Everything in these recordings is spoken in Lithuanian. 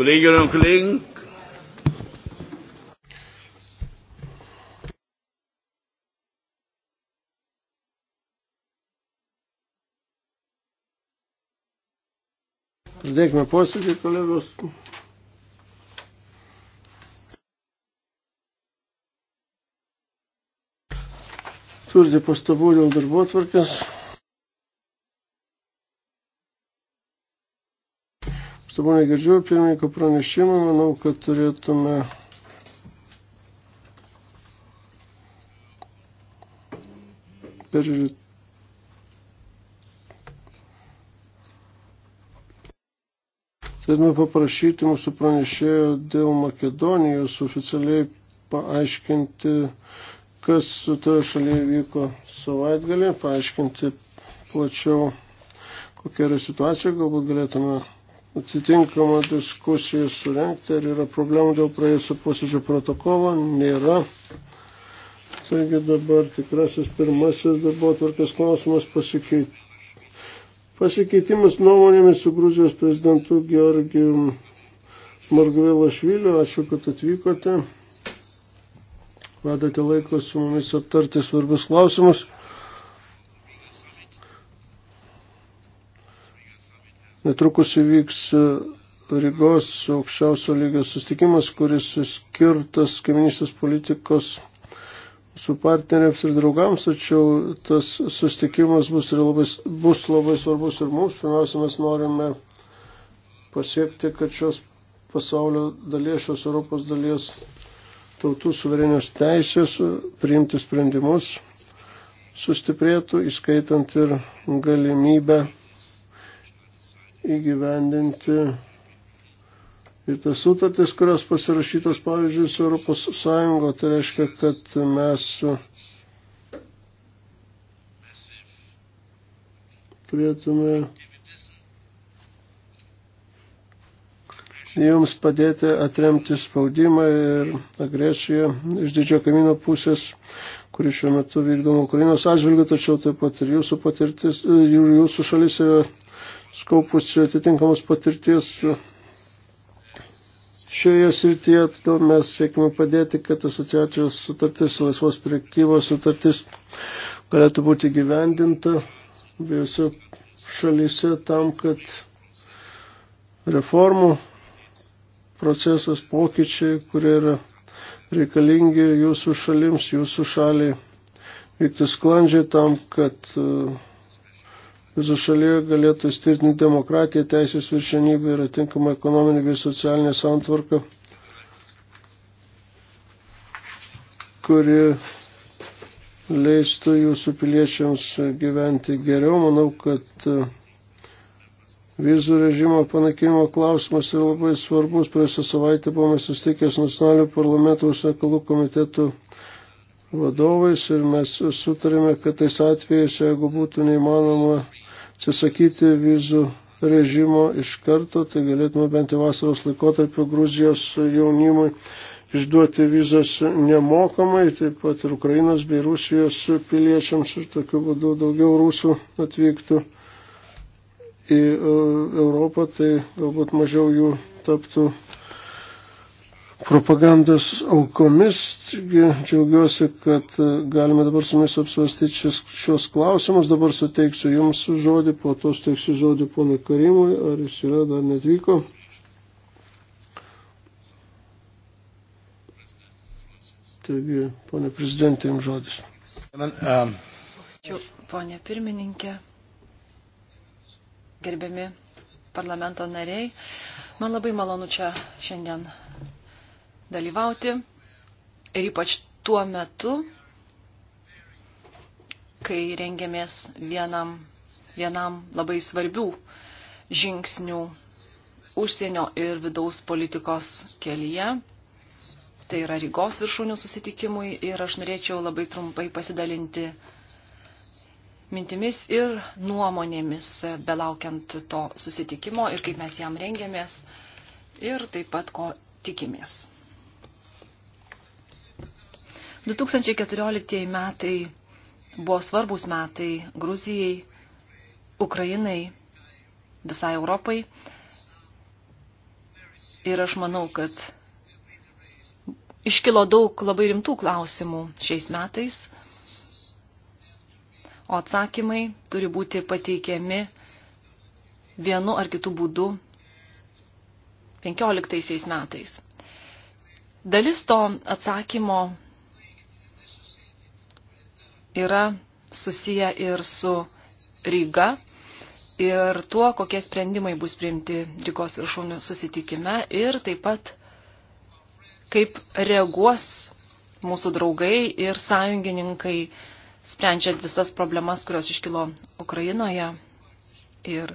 Kolleginnen und Kollegen, Pradėkime posėdį, kolegos. Turite pastabų dėl darbo tvarkės. pastabų negirdžiu, pirmininko pranešimą, manau, kad turėtume per Turėtume paprašyti mūsų pranešėjo dėl Makedonijos oficialiai paaiškinti, kas su toje šalyje vyko savaitgalį, paaiškinti plačiau, kokia yra situacija, galbūt galėtume atitinkamą diskusiją surenkti, ar yra problemų dėl praėjusio posėdžio protokolo, nėra. Taigi dabar tikrasis pirmasis darbo atvarkės klausimas pasikeit... pasikeitimas nuomonėmis su Gruzijos prezidentu Georgijum Margvėlo Šviliu. Ačiū, kad atvykote. Vadate laiko su mumis aptarti svarbus klausimus. Netrukus įvyks e, Rygos aukščiausio lygio sustikimas, kuris skirtas kaiminystės politikos su partneriams ir draugams, tačiau tas sustikimas bus, labai, bus labai svarbus ir mums. Pirmiausia, mes norime pasiekti, kad šios pasaulio dalies, šios Europos dalies tautų suverenios teisės priimti sprendimus sustiprėtų, įskaitant ir galimybę įgyvendinti ir tas sutartis, kurios pasirašytos, pavyzdžiui, su Europos Sąjungo, tai reiškia, kad mes turėtume jums padėti atremti spaudimą ir agresiją iš didžio kamino pusės, kuri šiuo metu vykdoma Ukrainos atžvilgiu, tačiau taip pat ir jūsų patirtis, ir jūsų šalis yra skaupusių atitinkamos patirties šioje srityje, todėl mes siekime padėti, kad asociacijos sutartis, laisvos priekybos sutartis galėtų būti gyvendinta abiejose šalyse tam, kad reformų procesas, pokyčiai, kurie yra reikalingi jūsų šalims, jūsų šaliai vykti sklandžiai tam, kad uh, visą šalyje galėtų įstvirtinti demokratiją, teisės viršenybę ir atinkamą ekonominį bei socialinę santvarką, kuri leistų jūsų piliečiams gyventi geriau. Manau, kad e, vizų režimo panaikinimo klausimas yra labai svarbus. Praėjusią savaitę buvome sustikęs nacionalinių parlamentų užsakalų komitetų vadovais ir mes sutarėme, kad tais atvejais, jeigu būtų neįmanoma atsisakyti vizų režimo iš karto, tai galėtume bent jau vasaros laikotarpio Gruzijos jaunimui išduoti vizas nemokamai, taip pat ir Ukrainos bei Rusijos piliečiams ir tokiu būdu daugiau rusų atvyktų į e, Europą, tai galbūt mažiau jų taptų propagandos aukomis. Taigi džiaugiuosi, kad e, galime dabar su mumis apsvastyti šios, šios klausimus. Dabar suteiksiu Jums žodį, po to suteiksiu žodį ponui Karimui, ar jis yra dar netvyko. Taigi, ponė prezidentė, Jums žodis. Um, Ačiū, ponė pirmininkė, gerbiami parlamento nariai. Man labai malonu čia šiandien dalyvauti ir ypač tuo metu, kai rengėmės vienam, vienam labai svarbių žingsnių užsienio ir vidaus politikos kelyje. Tai yra Rygos viršūnių susitikimui ir aš norėčiau labai trumpai pasidalinti mintimis ir nuomonėmis belaukiant to susitikimo ir kaip mes jam rengėmės ir taip pat ko tikimės. 2014 metai buvo svarbus metai Gruzijai, Ukrainai, visai Europai. Ir aš manau, kad iškilo daug labai rimtų klausimų šiais metais, o atsakymai turi būti pateikiami vienu ar kitu būdu 15 metais. Dalis to atsakymo yra susiję ir su Ryga ir tuo, kokie sprendimai bus priimti Rygos viršūnių susitikime ir taip pat kaip reaguos mūsų draugai ir sąjungininkai, sprendžiant visas problemas, kurios iškilo Ukrainoje ir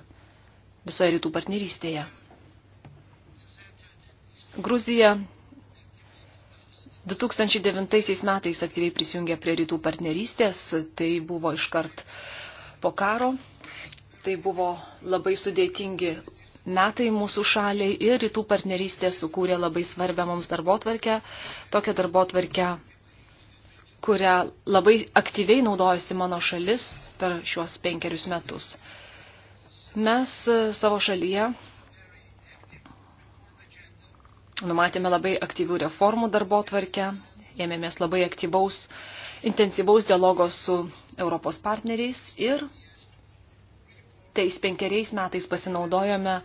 visoje rytų partnerystėje. Gruzija 2009 metais aktyviai prisijungė prie rytų partnerystės, tai buvo iškart po karo, tai buvo labai sudėtingi metai mūsų šaliai ir rytų partnerystė sukūrė labai svarbę mums darbotvarkę, tokią darbotvarkę, kurią labai aktyviai naudojasi mano šalis per šiuos penkerius metus. Mes savo šalyje Numatėme labai aktyvių reformų darbo tvarkę, ėmėmės labai aktyvaus, intensyvaus dialogo su Europos partneriais ir tais penkeriais metais pasinaudojome,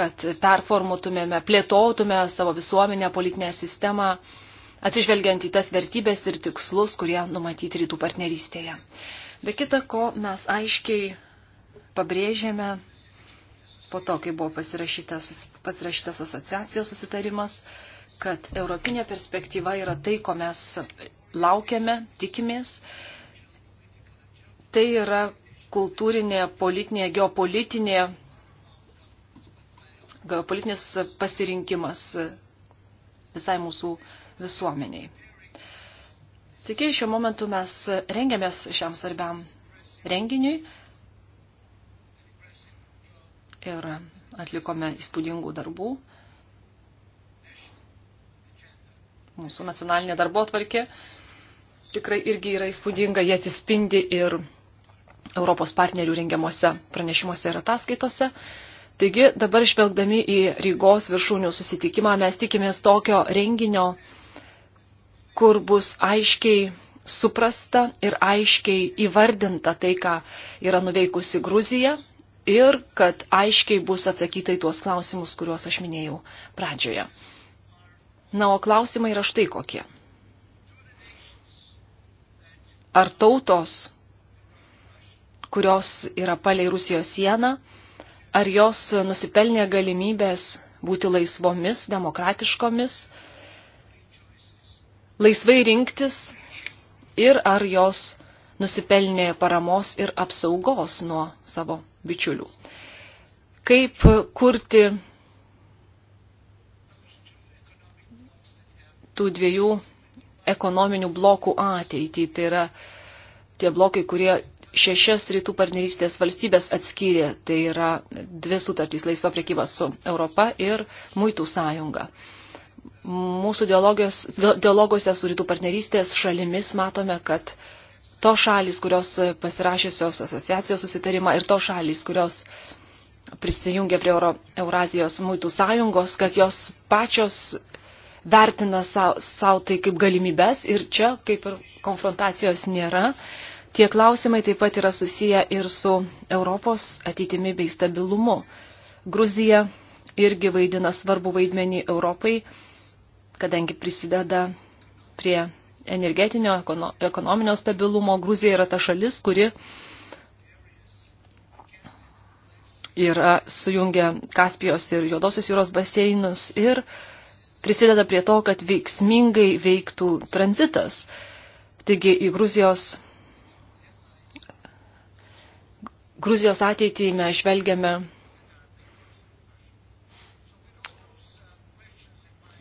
kad performuotumėme, plėtotume savo visuomenę, politinę sistemą, atsižvelgiant į tas vertybės ir tikslus, kurie numatyti rytų partnerystėje. Be kita ko, mes aiškiai pabrėžėme po to, kai buvo pasirašytas, pasirašytas asociacijos susitarimas, kad europinė perspektyva yra tai, ko mes laukiame, tikimės. Tai yra kultūrinė, politinė, geopolitinė, geopolitinis pasirinkimas visai mūsų visuomeniai. Taigi šiuo momentu mes rengiamės šiam svarbiam renginiui ir atlikome įspūdingų darbų. Mūsų nacionalinė darbo tvarkė tikrai irgi yra įspūdinga, jie atsispindi ir Europos partnerių rengiamuose pranešimuose ir ataskaitose. Taigi dabar žvelgdami į Rygos viršūnių susitikimą mes tikimės tokio renginio, kur bus aiškiai suprasta ir aiškiai įvardinta tai, ką yra nuveikusi Gruzija ir kad aiškiai bus atsakyta į tuos klausimus, kuriuos aš minėjau pradžioje. Na, o klausimai yra štai kokie. Ar tautos, kurios yra palei Rusijos sieną, ar jos nusipelnė galimybės būti laisvomis, demokratiškomis, laisvai rinktis ir ar jos nusipelnė paramos ir apsaugos nuo savo bičiulių. Kaip kurti tų dviejų ekonominių blokų ateitį. Tai yra tie blokai, kurie šešias rytų partnerystės valstybės atskyrė. Tai yra dvi sutartys - laisva priekyba su Europa ir muitų sąjunga. Mūsų dialoguose su rytų partnerystės šalimis matome, kad to šalis, kurios pasirašiusios asociacijos susitarimą ir to šalis, kurios prisijungia prie Euro, Eurazijos muitų sąjungos, kad jos pačios vertina savo tai kaip galimybės ir čia kaip ir konfrontacijos nėra. Tie klausimai taip pat yra susiję ir su Europos ateitimi bei stabilumu. Gruzija irgi vaidina svarbu vaidmenį Europai, kadangi prisideda prie energetinio, ekonominio stabilumo. Gruzija yra ta šalis, kuri yra sujungia Kaspijos ir Jodosios jūros baseinus ir prisideda prie to, kad veiksmingai veiktų tranzitas. Taigi į Gruzijos, Gruzijos ateitį mes žvelgiame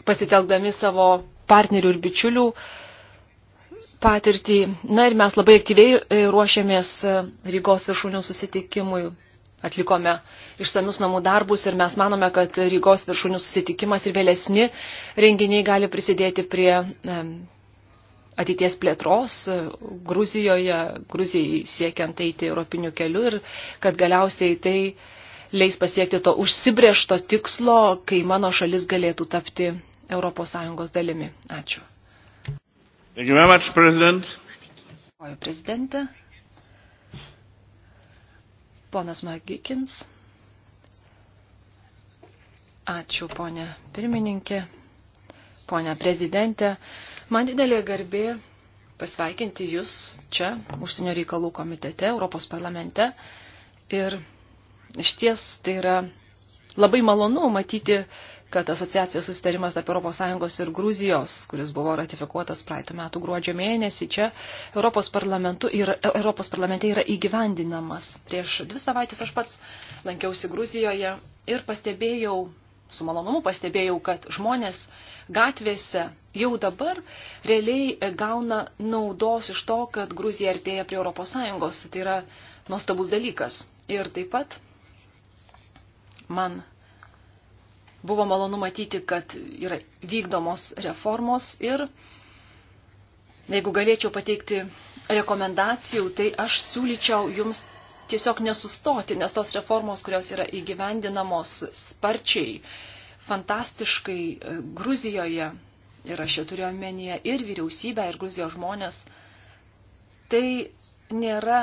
pasitelkdami savo partnerių ir bičiulių uh, patirtį. Na ir mes labai aktyviai e, ruošiamės e, Rygos viršūnių susitikimui. Atlikome išsamius namų darbus ir mes manome, kad Rygos viršūnių susitikimas ir vėlesni renginiai gali prisidėti prie ateities plėtros e, Gruzijoje, Gruzijai siekiant eiti europiniu keliu ir kad galiausiai tai leis pasiekti to užsibriešto tikslo, kai mano šalis galėtų tapti ES dalimi. Ačiū. Thank you very much, President. Dėkuoju, prezidentė. Ponas Magikins. Ačiū, ponė pirmininkė, ponė prezidentė. Man didelė garbė pasveikinti Jūs čia, užsienio reikalų komitete, Europos parlamente. Ir iš ties tai yra labai malonu matyti kad asociacijos susitarimas tarp ES ir Gruzijos, kuris buvo ratifikuotas praeitų metų gruodžio mėnesį, čia Europos, yra, Europos parlamente yra įgyvendinamas. Prieš dvi savaitės aš pats lankiausi Gruzijoje ir pastebėjau, su malonumu pastebėjau, kad žmonės gatvėse jau dabar realiai gauna naudos iš to, kad Gruzija artėja prie ES. Tai yra nuostabus dalykas. Ir taip pat man Buvo malonu matyti, kad yra vykdomos reformos ir jeigu galėčiau pateikti rekomendacijų, tai aš siūlyčiau jums tiesiog nesustoti, nes tos reformos, kurios yra įgyvendinamos sparčiai, fantastiškai e, Gruzijoje, ir aš čia turiu omenyje ir vyriausybę, ir Gruzijos žmonės, tai nėra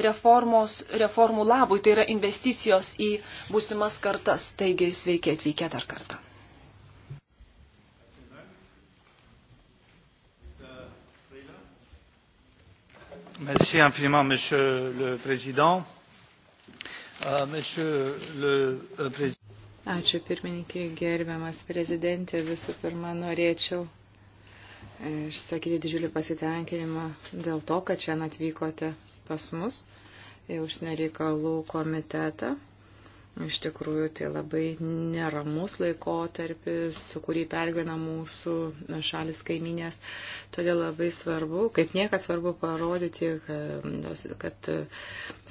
reformos, reformų labui, tai yra investicijos į būsimas kartas. Taigi sveiki atvykę dar kartą. Merci infiniment, Monsieur le Président. Uh, monsieur le uh, Président. Ačiū pirmininkė, gerbiamas prezidentė. Visų pirma, norėčiau e, išsakyti didžiulį pasitenkinimą dėl to, kad čia atvykote pas mus į užsienio reikalų komitetą. Iš tikrųjų, tai labai neramus laikotarpis, kurį pergyvena mūsų šalis kaiminės. Todėl labai svarbu, kaip niekad svarbu parodyti, kad, kad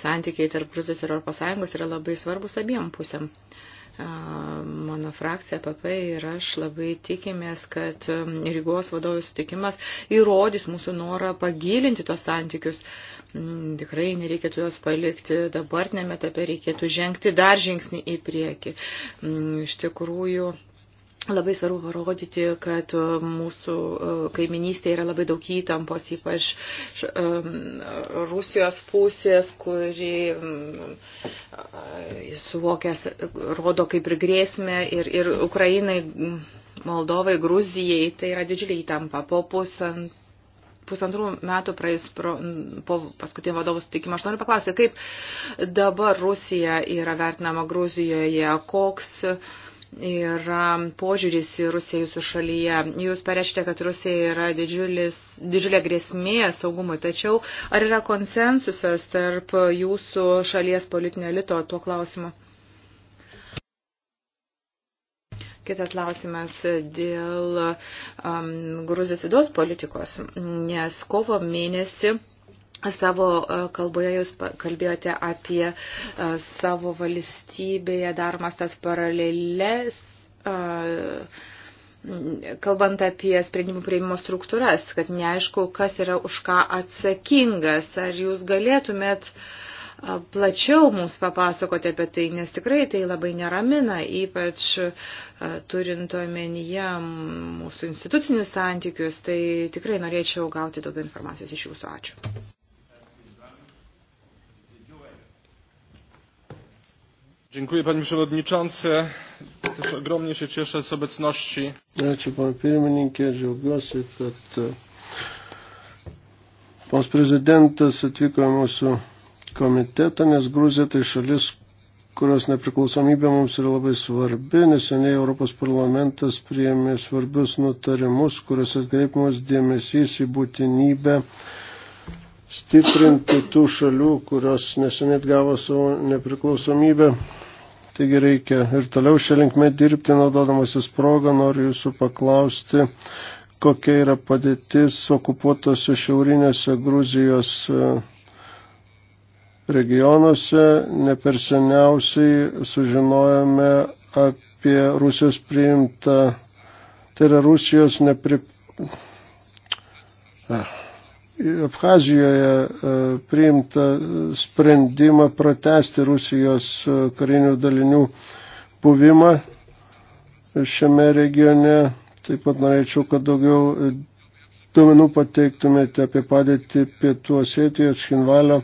santykiai tarp Gruzijos ir Europos Sąjungos yra labai svarbus abiem pusėm. Uh, mano frakcija PP ir aš labai tikimės, kad um, Rygos vadovų sutikimas įrodys mūsų norą pagilinti tuos santykius. Mm, tikrai nereikėtų juos palikti dabartinėme etape, reikėtų žengti dar žingsnį į priekį. Mm, iš tikrųjų, Labai svarbu parodyti, kad e, mūsų e, kaiminystėje yra labai daug įtampos, ypač e, Rusijos pusės, kuri mm, suvokęs rodo kaip ir grėsmę ir, ir Ukrainai, mm, Moldovai, Gruzijai, tai yra didžiulė įtampa. Po pusant pusantrų metų praeis pro, mm, po paskutinio vadovų sutikimo. Aš noriu paklausyti, kaip dabar Rusija yra vertinama Gruzijoje, koks uh, yra požiūris į Rusiją jūsų šalyje. Jūs pareiškite, kad Rusija yra didžiulis, didžiulė grėsmė saugumui, tačiau ar yra konsensusas tarp jūsų šalies politinio elito tuo klausimu? Kitas klausimas dėl um, Gruzijos vidaus politikos, nes kovo mėnesį Savo e, kalboje jūs kalbėjote apie e, savo valstybėje daromas tas paralelės, e, kalbant apie sprendimų prieimimo struktūras, kad neaišku, kas yra už ką atsakingas. Ar jūs galėtumėt plačiau mums papasakoti apie tai, nes tikrai tai labai neramina, ypač turint omenyje mūsų institucinius santykius, tai tikrai norėčiau gauti daugiau informacijos iš jūsų. Ačiū. Dziękuję panie przewodniczący. Też ogromnie się cieszę z obecności. Ačiū e, pan pirmininkė, džiaugiuosi, kad pas prezidentas atvyko į mūsų komitetą, nes Gruzija tai šalis, kurios nepriklausomybė mums yra labai svarbi. Neseniai Europos parlamentas priėmė svarbius nutarimus, kuriuos atkreipimas dėmesys į būtinybę stiprinti tų šalių, kurios neseniai gavo savo nepriklausomybę Taigi reikia ir toliau šią linkmę dirbti, naudodamasis progą, noriu jūsų paklausti, kokia yra padėtis okupuotose šiaurinėse Gruzijos e, regionuose. Neperseniausiai sužinojame apie Rusijos priimtą, tai yra Rusijos nepri... Ah Abhazijoje e, priimta sprendimą pratesti Rusijos e, karinių dalinių buvimą šiame regione. Taip pat norėčiau, kad daugiau e, duomenų pateiktumėte apie padėtį pietų Osetijos, Hinvalio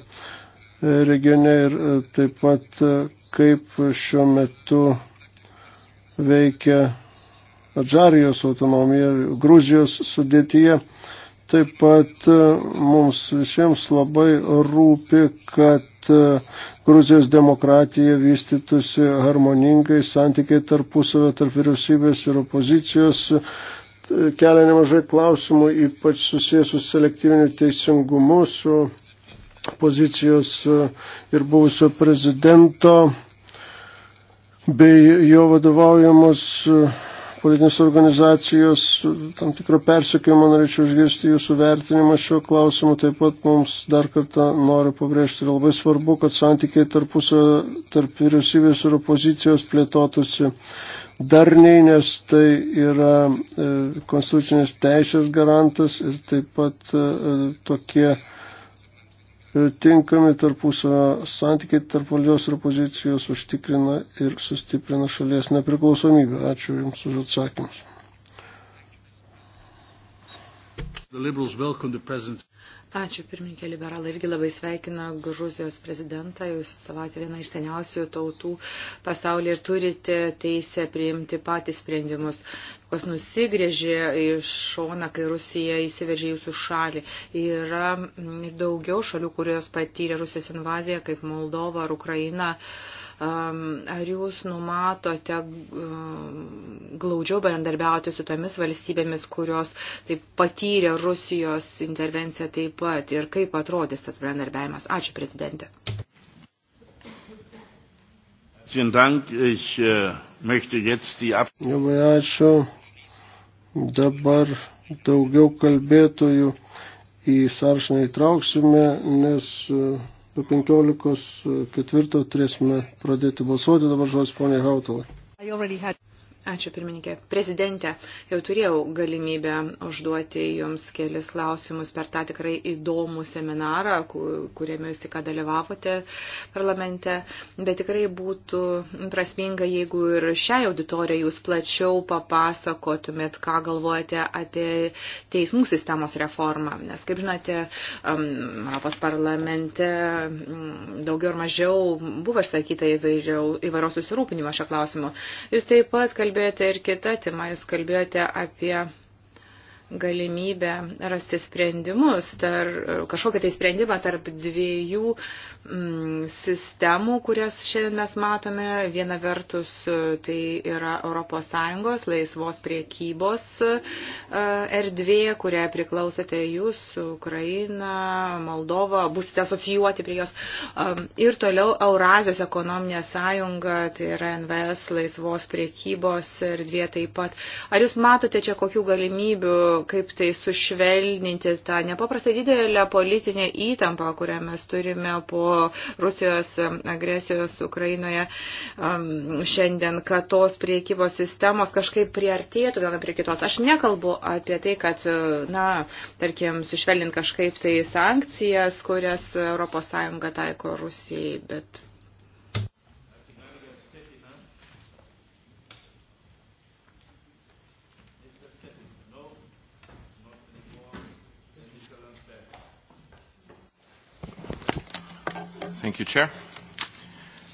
regione ir taip pat kaip šiuo metu veikia Adžarijos autonomija Gruzijos sudėtyje. Taip pat e, mums visiems labai rūpi, kad e, Gruzijos demokratija vystytųsi harmoningai, santykiai tarpusavio tarp vyriausybės ir opozicijos e, kelia nemažai klausimų, ypač susijęs su selektyviniu teisingumu, su pozicijos ir buvusio prezidento bei jo vadovaujamos politinės organizacijos tam tikro persikėjimo norėčiau išgirsti jūsų vertinimą šiuo klausimu. Taip pat mums dar kartą noriu pabrėžti, yra labai svarbu, kad santykiai tarpusio, tarp vyriausybės ir opozicijos plėtotųsi darniai, nes tai yra e, konstitucinės teisės garantas ir taip pat e, tokie E, tinkami tarpusavio santykiai tarp valdžios ir opozicijos užtikrina ir sustiprina šalies nepriklausomybę. Ačiū Jums už atsakymus. Ačiū, pirmininkė liberalai. Irgi labai sveikina Gruzijos prezidentą. Jūs atstovate vieną iš seniausių tautų pasaulyje ir turite teisę priimti patys sprendimus, kas nusigrėžė iš šona, kai Rusija įsiveržė jūsų šalį. Yra ir daugiau šalių, kurios patyrė Rusijos invaziją, kaip Moldova ar Ukraina. Uh, Ar jūs numatote glaudžiau bendarbiauti su tomis valstybėmis, kurios taip patyrė Rusijos intervenciją taip pat ir kaip atrodys tas bendarbiavimas? Ačiū, prezidentė. Äh, Labai ačiū. Dabar daugiau kalbėtojų į sąrašą neįtrauksime, nes Nuo 15.4 turėsime pradėti balsuoti, dabar žodis ponė Hautalai. Ačiū pirmininkė. Prezidentė, jau turėjau galimybę užduoti Jums kelis klausimus per tą tikrai įdomų seminarą, kuriame Jūs tik dalyvavote parlamente, bet tikrai būtų prasminga, jeigu ir šią auditoriją Jūs plačiau papasakotumėt, ką galvojate apie teismų sistemos reformą. Nes, kaip žinote, um, Europos parlamente mm, daugiau ar mažiau buvo išsakyta įvairiaus susirūpinimo šio klausimu. Jūs taip pat kalbėjote kalbėjote ir kitą temą, jūs kalbėjote apie galimybę rasti sprendimus, tar, kažkokią tai sprendimą tarp dviejų mm, sistemų, kurias šiandien mes matome. Viena vertus tai yra ES laisvos priekybos e, erdvė, kurią priklausote jūs, Ukraina, Moldova, būsite asocijuoti prie jos. E, ir toliau Eurazijos ekonominė sąjunga, tai yra NVS laisvos priekybos erdvė taip pat. Ar jūs matote čia kokių galimybių? kaip tai sušvelninti tą nepaprastai didelę politinę įtampą, kurią mes turime po Rusijos agresijos Ukrainoje šiandien, kad tos priekybos sistemos kažkaip priartėtų viena prie kitos. Aš nekalbu apie tai, kad, na, tarkim, sušvelninti kažkaip tai sankcijas, kurias ES taiko Rusijai, bet Thank you, Chair.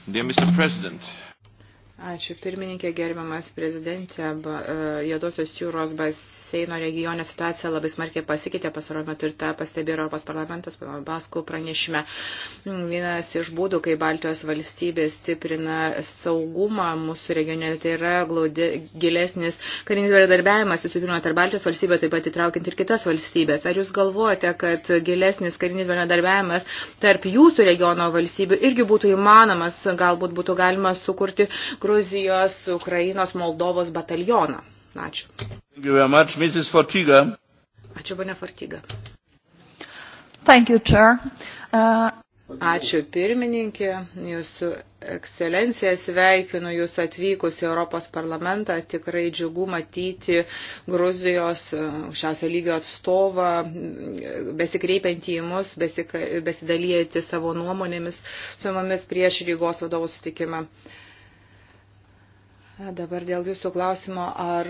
Dear Mr. President. Ačiū pirmininkė, gerbiamas prezidentė, e, Jėdosios jūros bas Baseino regione situacija labai smarkiai pasikeitė pasaulio metu ir tą pastebėjo Europos parlamentas, Baskų pranešime. Vienas iš būdų, kai Baltijos valstybės stiprina saugumą mūsų regione, tai yra glaudė, gilesnis karinis bendradarbiavimas, visų pirma, tarp Baltijos valstybė, taip pat įtraukiant ir kitas valstybės. Ar jūs galvojate, kad gilesnis karinis bendradarbiavimas tarp jūsų regiono valstybių irgi būtų įmanomas, galbūt būtų galima sukurti Gruzijos, Ukrainos, Moldovos batalioną? Ačiū. Ačiū, ponia Fortyga. Thank you, Chair. Uh... Ačiū pirmininkė, Jūsų ekscelencija sveikinu Jūs atvykus į Europos parlamentą. Tikrai džiugu matyti Gruzijos uh, aukščiausio lygio atstovą, mm, besikreipiantį į mus, besika, besidalyjantį savo nuomonėmis su mumis prieš Rygos vadovų sutikimą. Uh, Dabar dėl jūsų klausimo, ar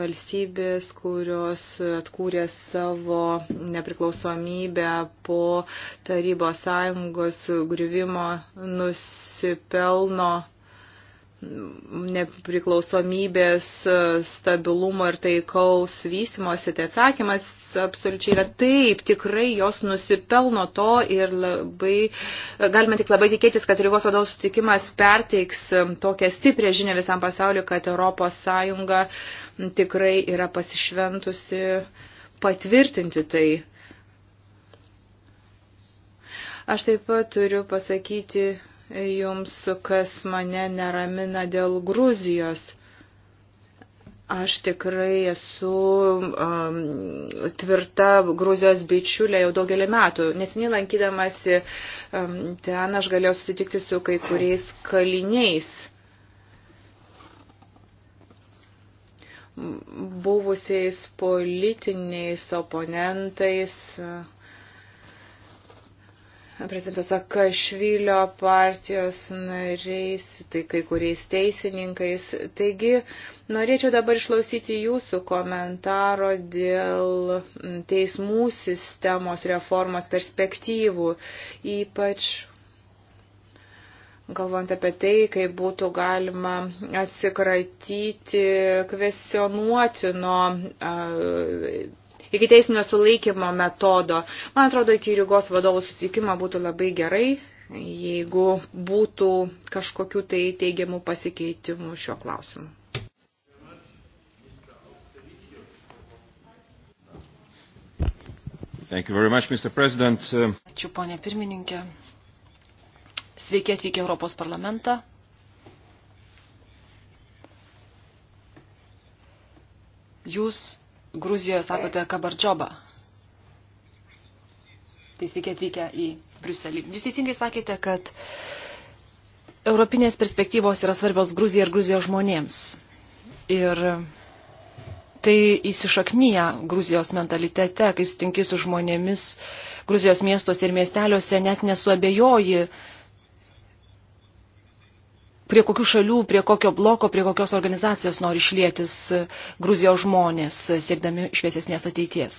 valstybės, kurios atkūrė savo nepriklausomybę po Tarybos sąjungos griuvimo nusipelno nepriklausomybės, stabilumo ir taikaus vystimosi, tai atsakymas absoliučiai yra taip, tikrai jos nusipelno to ir labai, galime tik labai tikėtis, kad Rygos vadovų sutikimas perteiks tokią stiprią žinę visam pasauliu, kad Europos Sąjunga tikrai yra pasišventusi patvirtinti tai. Aš taip pat turiu pasakyti jums, kas mane neramina dėl Gruzijos. Aš tikrai esu um, tvirta Gruzijos bičiulė jau daugelį metų. Nesiniai lankydamasi um, ten aš galėjau susitikti su kai kuriais kaliniais. buvusiais politiniais oponentais. Uh, prezidento Sakašvilio partijos nariais, tai kai kuriais teisininkais. Taigi, norėčiau dabar išklausyti jūsų komentaro dėl teismų sistemos reformos perspektyvų, ypač galvant apie tai, kaip būtų galima atsikratyti kvestionuotino iki teisinio sulaikymo metodo. Man atrodo, iki Rygos vadovų sutikimo būtų labai gerai, jeigu būtų kažkokių tai teigiamų pasikeitimų šiuo klausimu. Thank you very much, Mr. President. Ačiū, ponė pirmininkė. Sveiki atvykę Europos parlamentą. Jūs Gruzijoje sakote kabardžioba. Tai sveiki atvykę į Briuselį. Jūs teisingai sakėte, kad europinės perspektyvos yra svarbios Gruzijai ir Gruzijos žmonėms. Ir tai įsišaknyja Gruzijos mentalitete, kai sutinki su žmonėmis Gruzijos miestuose ir miesteliuose, net nesuabejoji prie kokių šalių, prie kokio bloko, prie kokios organizacijos nori išlėtis e, Gruzijos žmonės, e, siekdami šviesesnės ateities.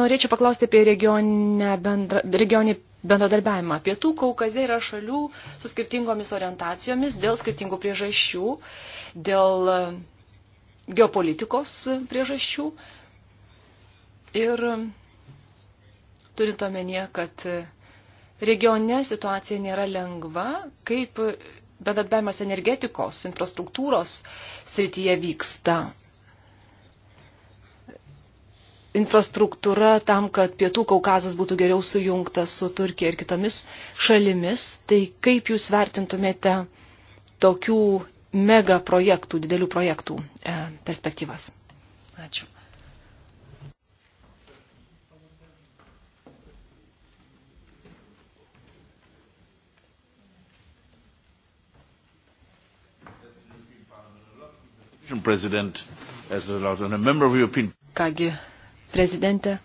Norėčiau paklausti apie regioninę bendra, regionį bendradarbiavimą. Pietų Kaukazė yra šalių su skirtingomis orientacijomis dėl skirtingų priežasčių, dėl e, geopolitikos priežasčių. Ir turint omenyje, kad Regione situacija nėra lengva, kaip bendradarbiavimas energetikos, infrastruktūros srityje vyksta. Infrastruktūra tam, kad Pietų Kaukazas būtų geriau sujungtas su Turkija ir kitomis šalimis, tai kaip jūs vertintumėte tokių mega projektų, didelių projektų e, perspektyvas? Ačiū. Kągi, prezidente,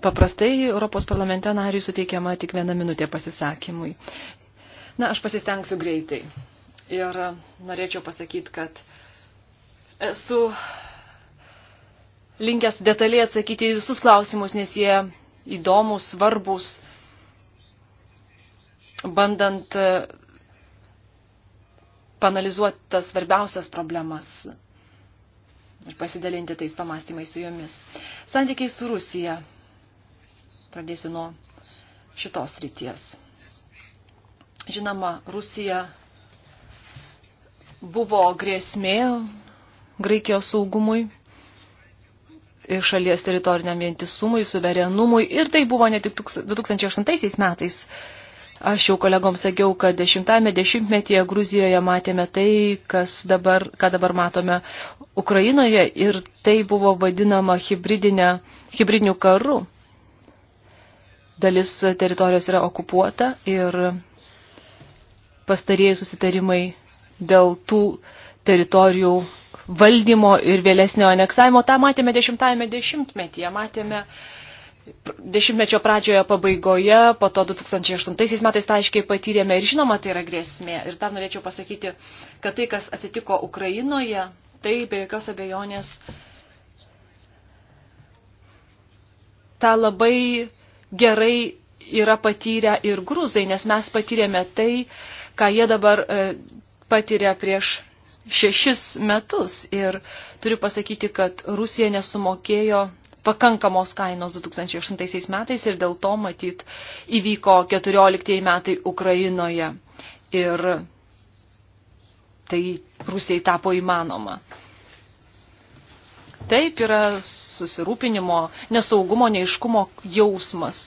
paprastai Europos parlamente nariui suteikiama tik viena minutė pasisakymui. Na, aš pasistengsiu greitai. Ir norėčiau pasakyti, kad esu linkęs detaliai atsakyti į visus klausimus, nes jie įdomus, svarbus, bandant panalizuoti tas svarbiausias problemas ir pasidalinti tais pamastymais su jomis. Santykiai su Rusija. Pradėsiu nuo šitos ryties. Žinoma, Rusija buvo grėsmė Graikijos saugumui ir šalies teritoriniam vientisumui, suverenumui. Ir tai buvo ne tik 2008 metais Aš jau kolegoms sakiau, kad dešimtame dešimtmetyje Gruzijoje matėme tai, kas dabar, ką dabar matome Ukrainoje ir tai buvo vadinama hybridiniu karu. Dalis teritorijos yra okupuota ir pastarėjai susitarimai dėl tų teritorijų valdymo ir vėlesnio aneksavimo. Ta matėme dešimtame dešimtmetyje, matėme uh, dešimtmečio pradžioje pabaigoje, po to 2008 metais tą aiškiai patyrėme ir žinoma, tai yra grėsmė. Ir dar norėčiau pasakyti, kad tai, kas atsitiko Ukrainoje, tai be jokios abejonės tą labai gerai yra patyrę ir grūzai, nes mes patyrėme tai, ką jie dabar e, patyrė prieš šešis metus. Ir turiu pasakyti, kad Rusija nesumokėjo pakankamos kainos 2008 metais ir dėl to matyt įvyko 14 metai Ukrainoje ir tai Rusijai tapo įmanoma. Taip yra susirūpinimo, nesaugumo, neiškumo jausmas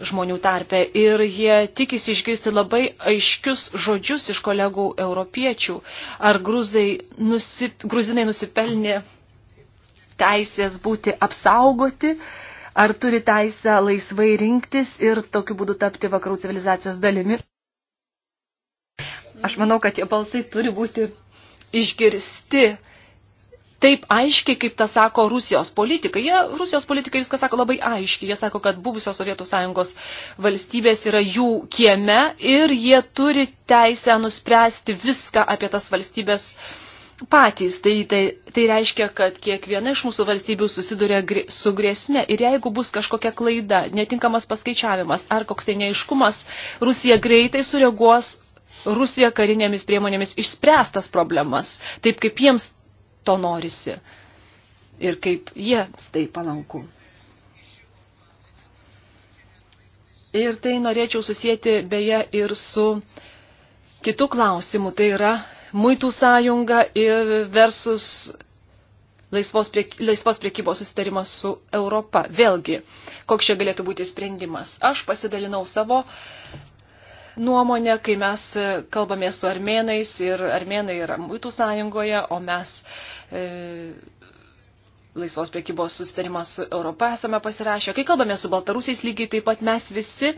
žmonių tarpe ir jie tikisi išgirsti labai aiškius žodžius iš kolegų europiečių. Ar gruzai, nusip, gruzinai nusipelnė teisės būti apsaugoti, ar turi teisę laisvai rinktis ir tokiu būdu tapti vakarų civilizacijos dalimi. Aš manau, kad tie balsai turi būti išgirsti taip aiškiai, kaip tą sako Rusijos politikai. Jie, Rusijos politikai viską sako labai aiškiai. Jie sako, kad buvusios Sovietų Sąjungos valstybės yra jų kieme ir jie turi teisę nuspręsti viską apie tas valstybės uh, patys. Tai, tai, tai reiškia, kad kiekviena iš mūsų valstybių susiduria grė, su grėsme. Ir jeigu bus kažkokia klaida, netinkamas paskaičiavimas ar koks tai neiškumas, Rusija greitai sureaguos, Rusija karinėmis priemonėmis išspręstas problemas, taip kaip jiems to norisi ir kaip jiems tai palanku. Ir tai norėčiau susijęti beje ir su kitų klausimų, tai yra muitų sąjunga versus laisvos, prie, laisvos priekybos susitarimas su Europa. Vėlgi, koks čia galėtų būti sprendimas. Aš pasidalinau savo nuomonę, kai mes kalbame su armenais ir armenai yra muitų sąjungoje, o mes e, laisvos priekybos susitarimą su Europa esame pasirašę. Kai kalbame su baltarusiais lygiai taip pat mes visi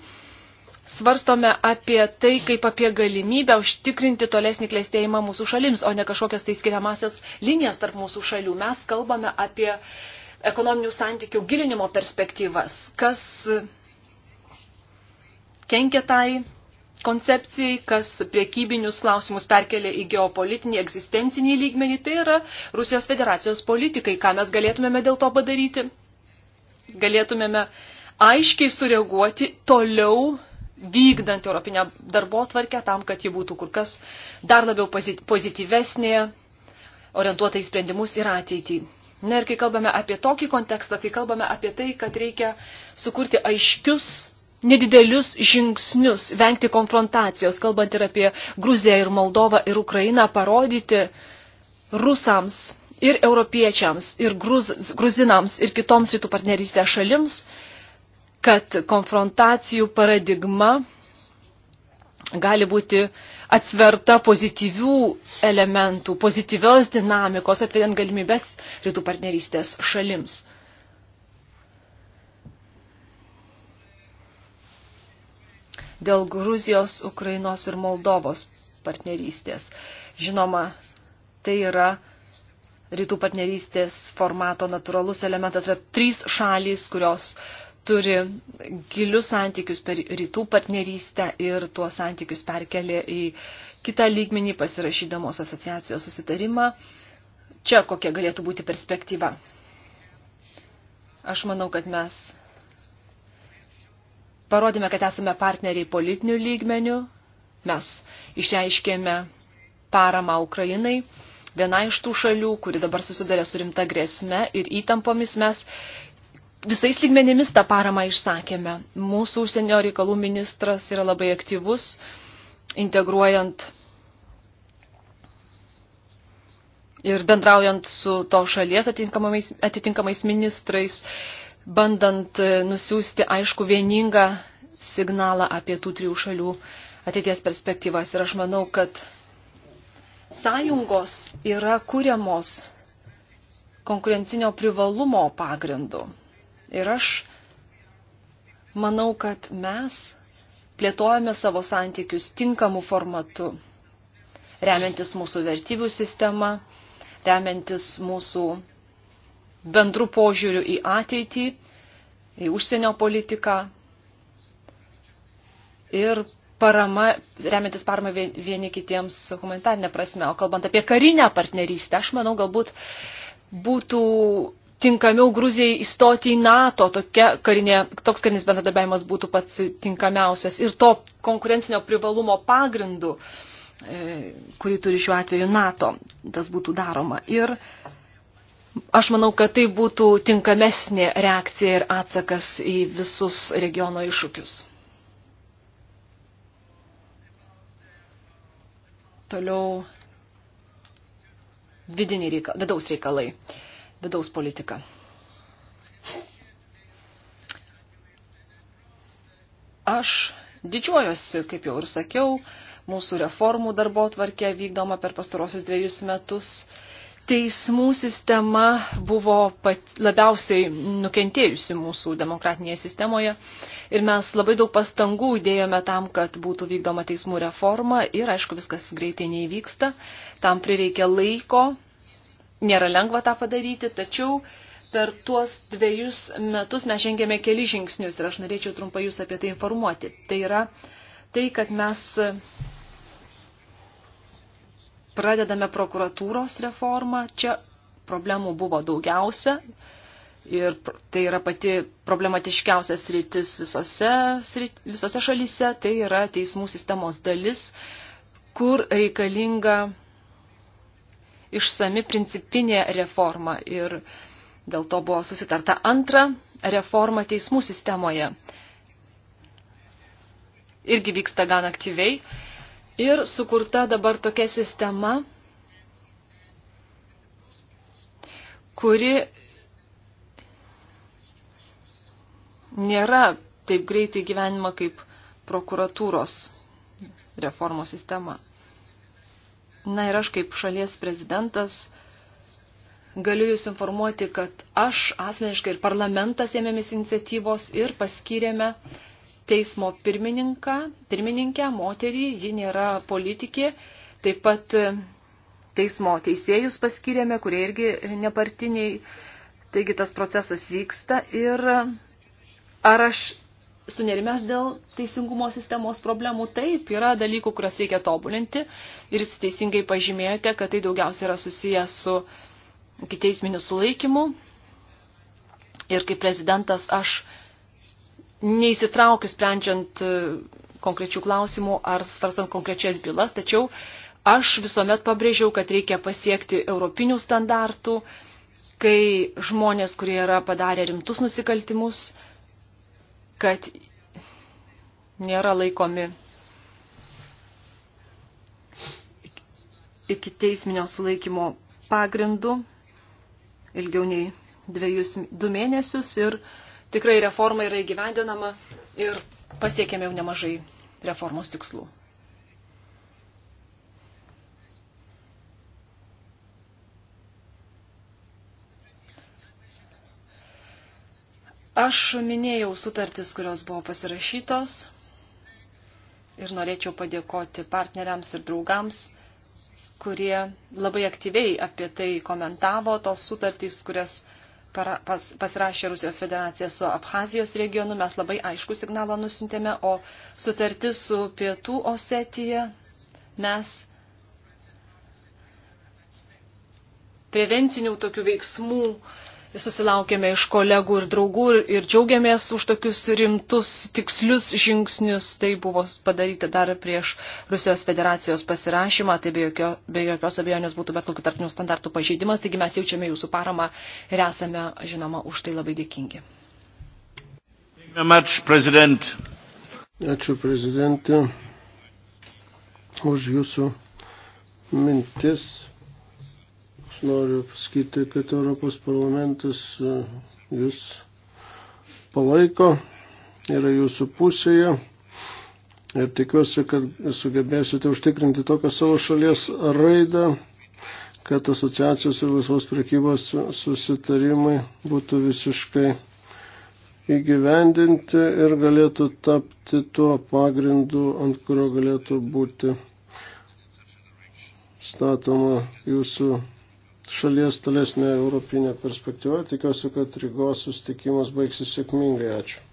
svarstome apie tai, kaip apie galimybę užtikrinti tolesnį klėstėjimą mūsų šalims, o ne kažkokias tai skiriamasias linijas tarp mūsų šalių. Mes kalbame apie ekonominių santykių gilinimo perspektyvas, kas kenkia tai koncepcijai, kas priekybinius klausimus perkelia į geopolitinį, egzistencinį lygmenį, tai yra Rusijos federacijos politikai, ką mes galėtumėme dėl to padaryti. Galėtumėme aiškiai sureaguoti toliau vykdant Europinę darbo tvarkę tam, kad ji būtų kur kas dar labiau pozityvesnė, orientuota į sprendimus ir ateitį. Na ir kai kalbame apie tokį kontekstą, tai kalbame apie tai, kad reikia sukurti aiškius, nedidelius žingsnius, vengti konfrontacijos, kalbant ir apie Gruziją ir Moldovą ir Ukrainą, parodyti rusams ir europiečiams ir gruz, gruzinams ir kitoms rytų partnerystės šalims, kad konfrontacijų paradigma gali būti atsverta pozityvių elementų, pozityvios dinamikos, atveriant galimybės rytų partnerystės šalims. Dėl Gruzijos, Ukrainos ir Moldovos partnerystės. Žinoma, tai yra rytų partnerystės formato natūralus elementas. Yra trys šalys, kurios uh, turi gilius santykius per rytų partnerystę ir tuos santykius perkelė į kitą lygmenį pasirašydamos asociacijos susitarimą. Čia kokia galėtų būti perspektyva. Aš manau, kad mes parodėme, kad esame partneriai politinių lygmenių. Mes išreiškėme paramą Ukrainai viena iš tų šalių, kuri dabar susidarė su rimta grėsme ir įtampomis mes visais lygmenimis tą paramą išsakėme. Mūsų užsienio reikalų ministras yra labai aktyvus, integruojant ir bendraujant su to šalies atitinkamais, atitinkamais ministrais, bandant e, nusiųsti aišku vieningą signalą apie tų trijų šalių ateities perspektyvas. Ir aš manau, kad sąjungos yra kuriamos konkurencinio privalumo pagrindu. Ir aš manau, kad mes plėtojame savo santykius tinkamų formatų, remiantis mūsų vertybių sistema, remiantis mūsų bendrų požiūrių į ateitį, į užsienio politiką ir parama, remiantis parama vieni kitiems humanitarinė prasme. O kalbant apie karinę partnerystę, aš manau, galbūt būtų tinkamiau Gruzijai įstoti į NATO, tokia karinė, toks karinis bendradarbiavimas būtų pats tinkamiausias ir to konkurencinio privalumo pagrindų, e, kurį turi šiuo atveju NATO, tas būtų daroma. Ir aš manau, kad tai būtų tinkamesnė reakcija ir atsakas į visus regiono iššūkius. Toliau vidiniai reikalai, vidaus reikalai. Uh, vidaus politiką. Aš didžiuojuosi, kaip jau ir sakiau, mūsų reformų darbo tvarkė vykdoma per pastarosius dviejus metus. Teismų sistema buvo pat, labiausiai nukentėjusi mūsų demokratinėje sistemoje ir mes labai daug pastangų įdėjome tam, kad būtų vykdoma teismų reforma ir aišku viskas greitai neįvyksta. Tam prireikia laiko, Nėra lengva tą padaryti, tačiau per tuos dviejus metus mes žengėme keli žingsnius ir aš norėčiau trumpai jūs apie tai informuoti. Tai yra tai, kad mes pradedame prokuratūros reformą. Čia problemų buvo daugiausia ir tai yra pati problematiškiausia sritis visose, srit, visose šalyse. Tai yra teismų sistemos dalis, kur reikalinga išsami principinė reforma ir dėl to buvo susitarta antra reforma teismų sistemoje. Irgi vyksta gan aktyviai ir sukurta dabar tokia sistema, kuri nėra taip greitai gyvenima kaip prokuratūros reformos sistema. Na ir aš kaip šalies prezidentas galiu Jūs informuoti, kad aš asmeniškai ir parlamentas ėmėmės iniciatyvos ir paskyrėme teismo pirmininką, pirmininkę, moterį, ji nėra politikė, taip pat teismo teisėjus paskyrėme, kurie irgi nepartiniai, taigi tas procesas vyksta ir ar aš sunerimęs dėl teisingumo sistemos problemų. Taip, yra dalykų, kurias reikia tobulinti ir jūs teisingai pažymėjote, kad tai daugiausia yra susijęs su kiteisminiu sulaikymu. Ir kaip prezidentas aš neįsitraukiu sprendžiant e, konkrečių klausimų ar svarstant konkrečias bylas, tačiau aš visuomet pabrėžiau, kad reikia pasiekti europinių standartų, kai žmonės, kurie yra padarę rimtus nusikaltimus, kad nėra laikomi iki teisminio sulaikymo pagrindų ilgiau nei dviejus, du mėnesius ir tikrai reforma yra įgyvendinama ir pasiekėme jau nemažai reformos tikslų. Aš minėjau sutartis, kurios buvo pasirašytos ir norėčiau padėkoti partneriams ir draugams, kurie labai aktyviai apie tai komentavo tos sutartys, kurias pas, pasirašė Rusijos federacija su Abhazijos regionu, mes labai aišku signalą nusintėme, o sutartis su Pietų Osetija mes prevencinių tokių veiksmų uh, susilaukėme iš kolegų ir draugų ir džiaugiamės už tokius rimtus, tikslius žingsnius. Tai buvo padaryta dar prieš Rusijos federacijos pasirašymą, tai be, jokio, be jokios abejonės būtų bet kokių tarptinių standartų pažeidimas, taigi mes jaučiame jūsų paramą ir esame, žinoma, už tai labai dėkingi. Ačiū prezidentė už jūsų mintis noriu pasakyti, kad Europos parlamentas e, jūs palaiko, yra jūsų pusėje ir tikiuosi, kad sugebėsite užtikrinti tokią savo šalies raidą, kad asociacijos ir laisvos prekybos susitarimai būtų visiškai įgyvendinti ir galėtų tapti tuo pagrindu, ant kurio galėtų būti statoma jūsų šalies tolesnė europinė perspektyva. Tikiuosi, kad Rygos sustikimas baigsis sėkmingai. Ačiū.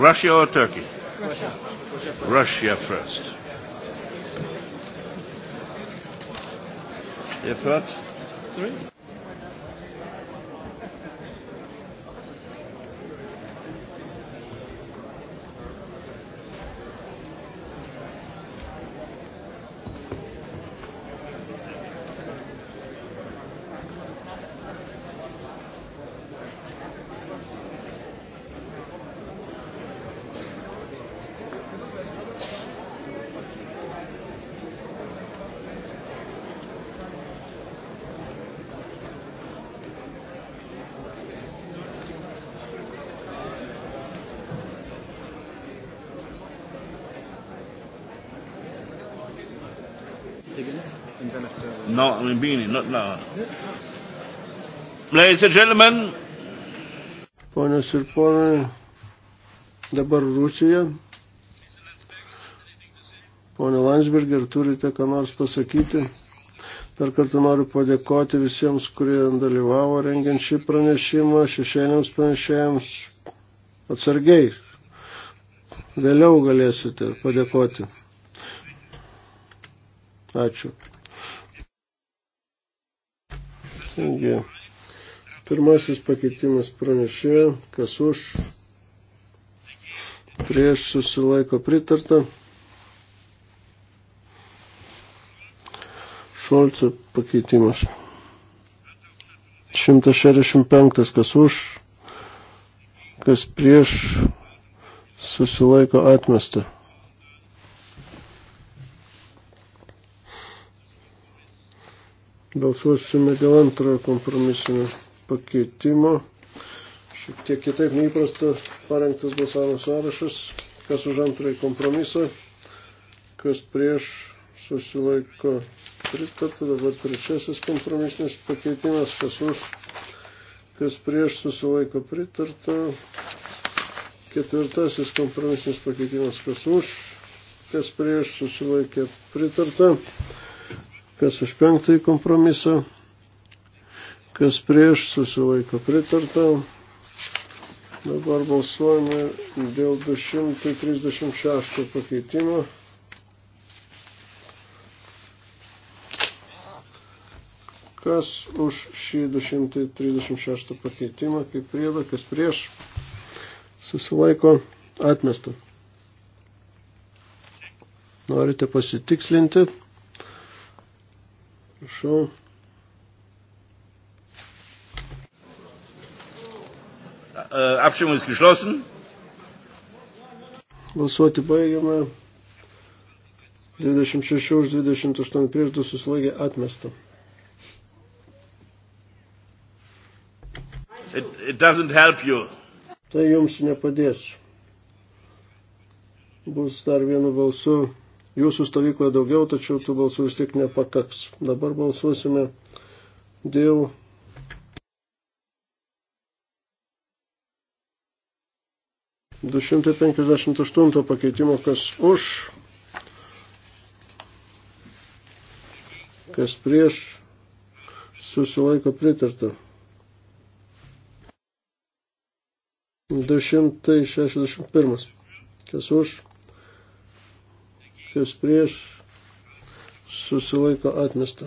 Russia or Turkey? Russia. Russia first. Ihr hört? Sorry? Gambini, not now. Ladies and gentlemen. Ponios ir ponai, dabar Rusija. Pone Landsberg, ar turite ką nors pasakyti? Dar kartą noriu padėkoti visiems, kurie dalyvavo rengiant šį pranešimą, šešėniams pranešėjams. Atsargiai. Vėliau galėsite padėkoti. Ačiū. Taigi, pirmasis pakeitimas pranešė, kas už, prieš susilaiko pritarta. Šolco pakeitimas. 165 kas už, kas prieš susilaiko atmestą. Balsuosime dėl antrojo kompromisinio pakeitimo. Šiek tiek kitaip neįprasta parengtas balsavimo sąrašas. Kas už antrąjį kompromisą, kas prieš susilaiko pritarta. Dabar trečiasis kompromisinis pakeitimas, kas už, kas prieš susilaiko pritarta. Ketvirtasis kompromisinis pakeitimas, kas už, kas prieš susilaikė pritarta. Kas už penktąjį kompromisą? Kas prieš susilaiko pritarta? Dabar balsuojame dėl 236 pakeitimo. Kas už šį 236 pakeitimą, kaip priedą, kas prieš, susilaiko atmestą. Norite pasitikslinti? Prašau. Äh, Abstimmung ist geschlossen. Balsuoti baigiama. 26 už 28 prieš 2 susilaikė atmestą. It, it doesn't help you. Tai jums nepadės. Bus dar vienu balsu jūsų stovykloje daugiau, tačiau tų balsų vis tiek nepakaks. Dabar balsuosime dėl. Du šimtai penkiasdešimt aštunto pakeitimo, kas už, kas prieš, susilaiko pritarta. 261. Kas už? kas prieš susilaiko atmesta.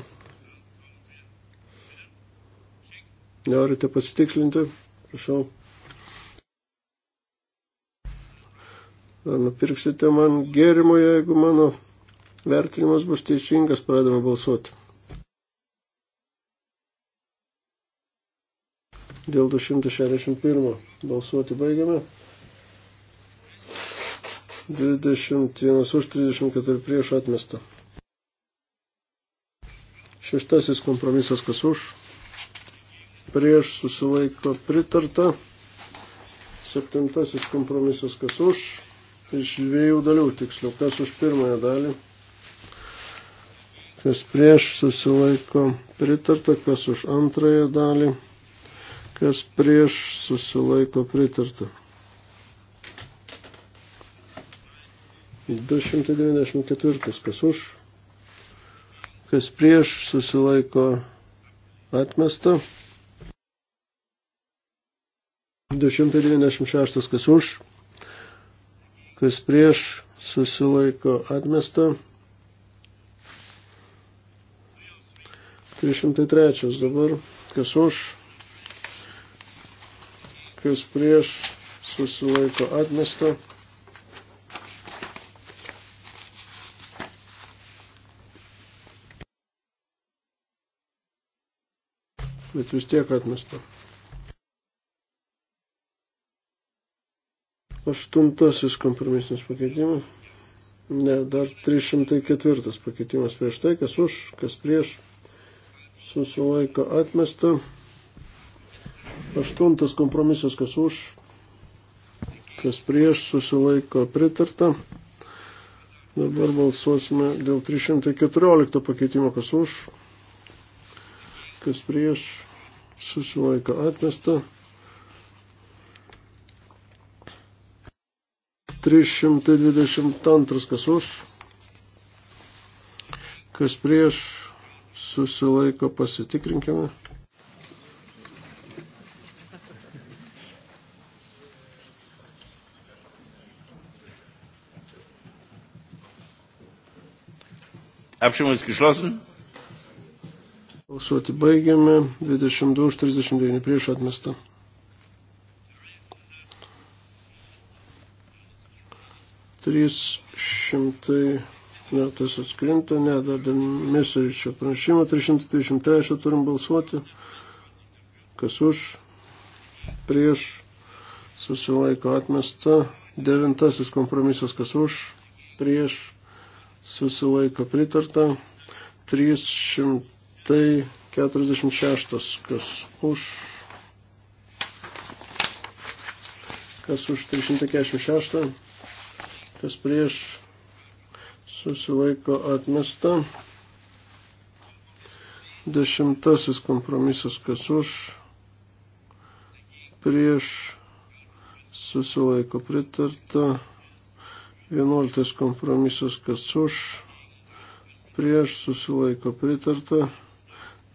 Norite pasitikslinti, prašau. Nupirksite man gėrimo, jeigu mano vertinimas bus teisingas, pradame balsuoti. Dėl 261 balsuoti baigiame. 21 už 34 prieš atmestą. Šeštasis kompromisas kas už. Prieš susilaiko pritarta. Septintasis kompromisas kas už. Iš dviejų dalių tiksliau. Kas už pirmąją dalį. Kas prieš susilaiko pritarta. Kas už antrąją dalį. Kas prieš susilaiko pritarta. 294. Kas už? Kas prieš susilaiko atmesta. 296. Kas už? Kas prieš susilaiko atmesta. 303 dabar, kas už, kas prieš, susilaiko atmesta. bet vis tiek atmesta. Aštuntasis kompromisinis pakeitimas. Ne, dar 304 pakeitimas prieš tai, kas už, kas prieš. Susilaiko atmesta. Aštuntas kompromisas, kas už, kas prieš, susilaiko pritarta. Dabar balsuosime dėl 314 pakeitimo, kas už, kas prieš, susilaiko atmesta. 322 kas už, kas prieš, susilaiko pasitikrinkime. Abstimmung ist geschlossen. Balsuoti baigiame. 22 už 39 prieš atmestą. Trys šimtai, ne, tas atskrinta, ne, dar dėl Misevičio pranešimo, 333 turim balsuoti, kas už, prieš, susilaiko atmesta, devintasis kompromisas, kas už, prieš, susilaiko pritarta, 300. 146. Tai kas už? Kas už 346? Kas prieš? Susilaiko atmesta. Dešimtasis kompromisas. Kas už? Prieš? Susilaiko pritarta. Vienuoliktas kompromisas. Kas už? Prieš? Susilaiko pritarta.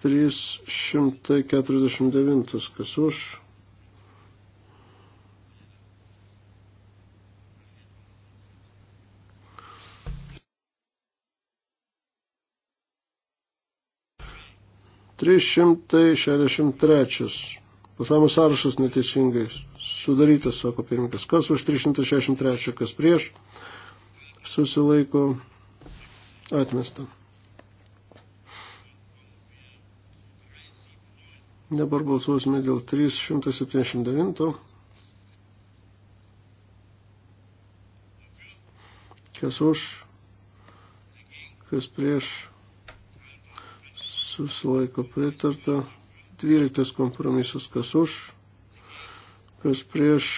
349, kas už. Trys šimtai šešiasdešimt trečias. Pasamų sąrašas neteisingai sudarytas, sako pirmininkas. Kas už 363, kas prieš, susilaiko atmestą. Dabar balsuosime dėl 379. Kas už, kas prieš, susilaiko pritarta. 12 kompromisas, kas už, kas prieš,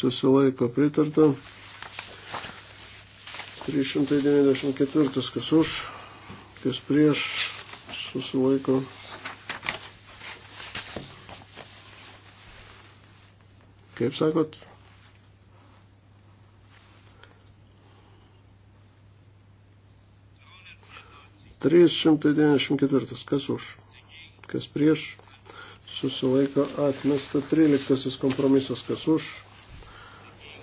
susilaiko pritarta. 394, kas už, kas prieš, susilaiko pritarta Kaip sakot? Trys šimtai devyniasdešimt ketvirtas. Kas už? Kas prieš? Susilaiko atmesta. Tryliktasis kompromisas. Kas už?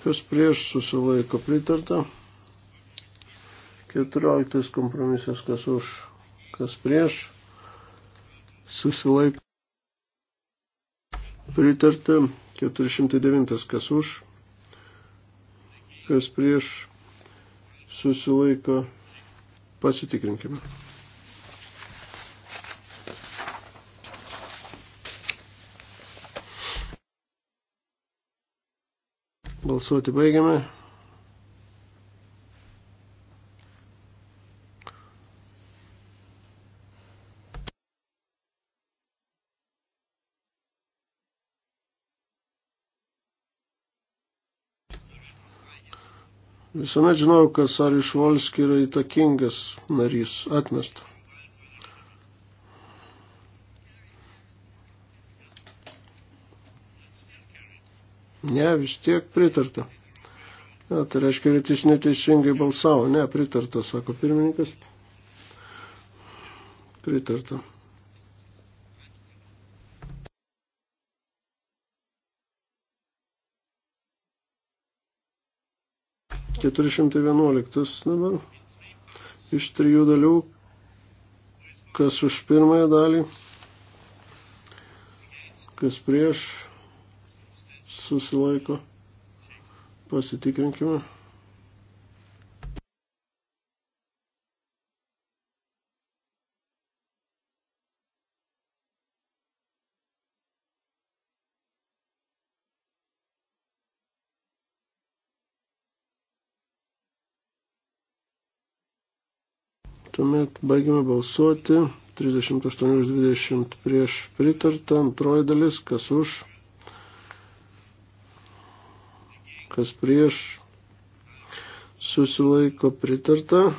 Kas prieš? Susilaiko pritarta. Keturioliktas kompromisas. Kas už? Kas prieš? Susilaiko. Pritarta 409, kas už, kas prieš, susilaiko, pasitikrinkime. Balsuoti baigiame. Visuomet žinau, kad Sariš Volski yra įtakingas narys, atmesta. Ne, vis tiek pritarta. Ja, tai reiškia, kad jis neteisingai balsavo. Ne, pritarta, sako pirmininkas. Pritarta. 411 dabar. Iš trijų dalių, kas už pirmąją dalį, kas prieš, susilaiko. Pasitikrinkime. Baigime balsuoti. 38 už 20 prieš pritartą. Antroji dalis, kas už, kas prieš, susilaiko pritarta.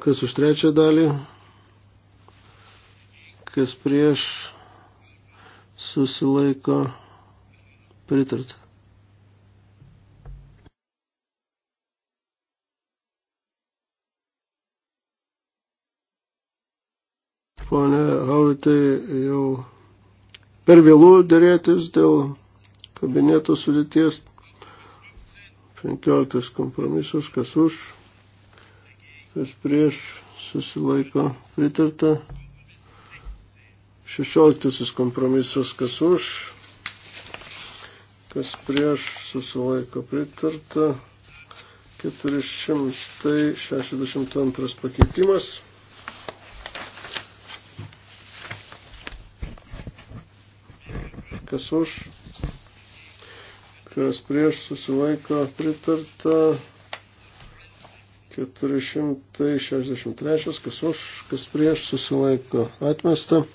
Kas už trečią dalį, kas prieš, susilaiko pritarta. tai jau per vėlų dėrėtis dėl kabineto sudėties. 15 kompromisas, kas už, kas prieš, susilaiko pritarta. 16 kompromisas, kas už, kas prieš, susilaiko pritarta. 462 pakeitimas. kas už, kas prieš susilaiko pritarta. 463, kas už, kas prieš susilaiko atmesta.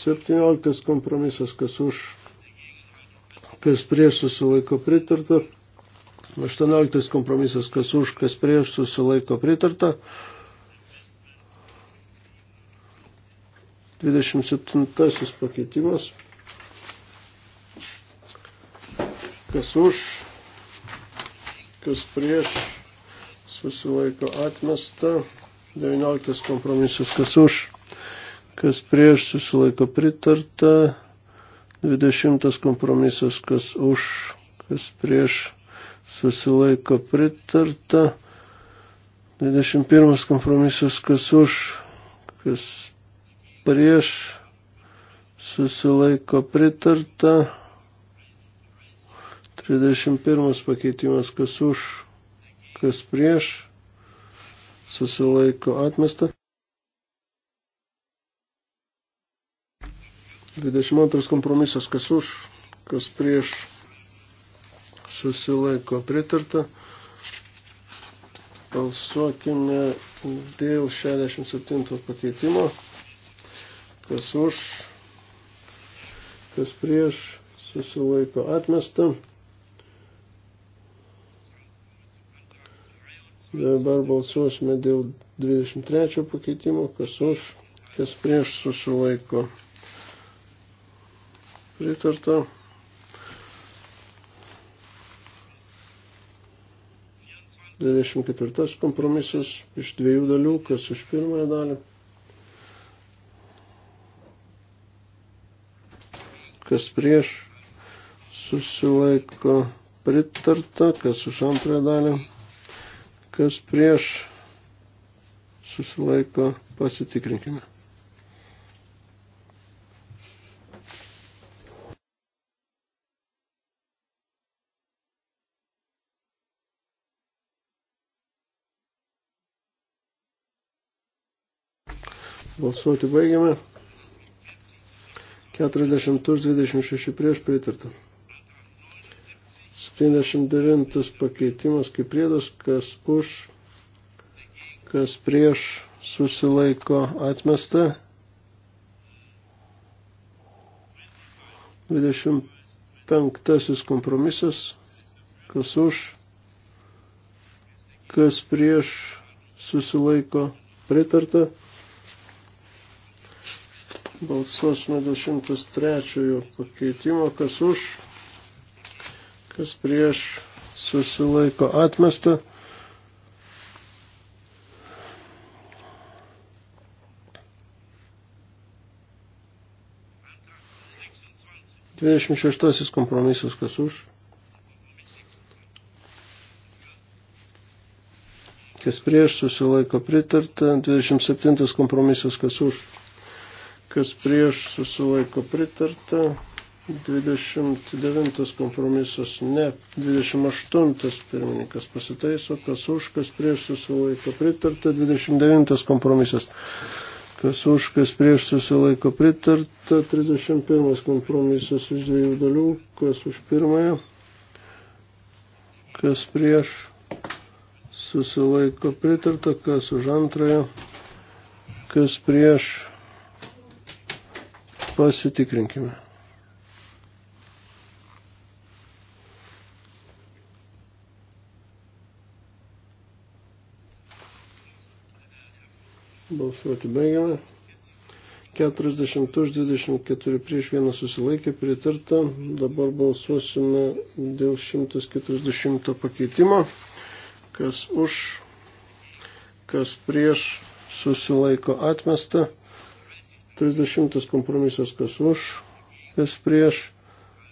17 kompromisas, kas už, kas prieš susilaiko pritarta. 18 kompromisas, kas už, kas prieš susilaiko pritarta. 27 pakeitimas. Kas už, kas prieš, susilaiko atmesta. 19 kompromisas, kas už, kas prieš, susilaiko pritarta. 20 kompromisas, kas už, kas prieš, susilaiko pritarta. 21 kompromisas, kas už, kas prieš susilaiko pritarta. 31 pakeitimas, kas už, kas prieš susilaiko atmesta. 22 kompromisas, kas už, kas prieš susilaiko pritarta. Balsuokime dėl 67 pakeitimo kas už, kas prieš, susilaiko atmesta. Dabar balsuosime dėl 23 pakeitimo, kas už, kas prieš susilaiko. Pritarta. Dvidešimt ketvirtas kompromisas iš dviejų dalių, kas už pirmąją dalį. kas prieš, susilaiko pritarta, kas už antrąją dalį, kas prieš, susilaiko pasitikrinkime. Balsuoti baigiame. 40 už 26 prieš pritartą. 79 pakeitimas kaip priedas, kas už, kas prieš susilaiko atmesta. 25 kompromisas, kas už, kas prieš susilaiko pritarta. Balsuosime dėl 103 pakeitimo, kas už, kas prieš susilaiko atmestą. Dvidešimt šeštasis kompromisas, kas už. Kas prieš susilaiko pritarta. 27 kompromisas, kas už kas prieš susilaiko pritarta, 29 kompromisas ne, 28 pirmininkas pasitaiso, kas už, kas prieš susilaiko pritarta, 29 kompromisas. Kas už, kas prieš susilaiko pritarta, 31 kompromisas iš dviejų dalių, kas už pirmąją, kas prieš susilaiko pritarta, kas už antrąją, kas prieš Pasitikrinkime. Balsuoti baigiame. 40 už 24 prieš vieną susilaikė pritarta. Dabar balsuosime dėl 140 pakeitimo. Kas už, kas prieš susilaiko atmesta. 30 kompromisas, kas už, kas prieš,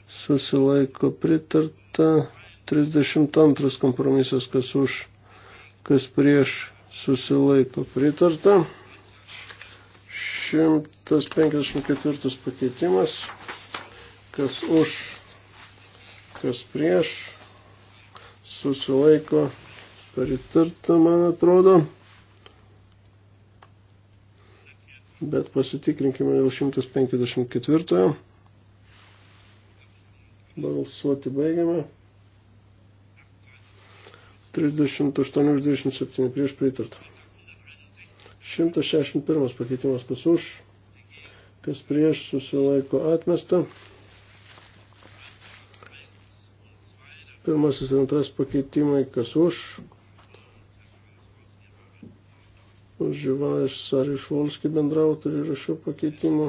susilaiko pritarta. 32 kompromisas, kas už, kas prieš, susilaiko pritarta. 154 pakeitimas, kas už, kas prieš, susilaiko pritarta, man atrodo. bet pasitikrinkime dėl 154. Balsuoti baigiame. 38-27 prieš pritartą. 161 pakeitimas kas už, kas prieš susilaiko atmestą. Pirmasis ir antras pakeitimai kas už, Živa iš Sarišvolski bendrautorių yra šio pakeitimo.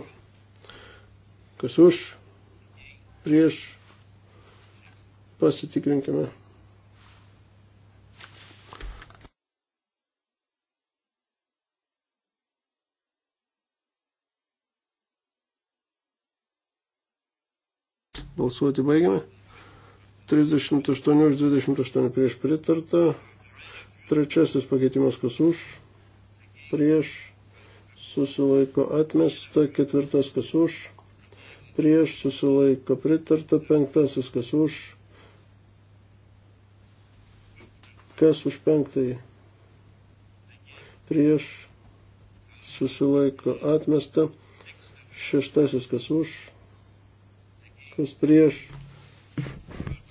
Kas už, prieš, pasitikrinkime. Balsuoti baigiame. 38 už 28 prieš pritarta. Trečiasis pakeitimas kas už prieš susilaiko atmesta, ketvirtas kas už, prieš susilaiko pritarta, penktasis kas už, kas už penktąjį, prieš susilaiko atmesta, šeštasis kas už, kas prieš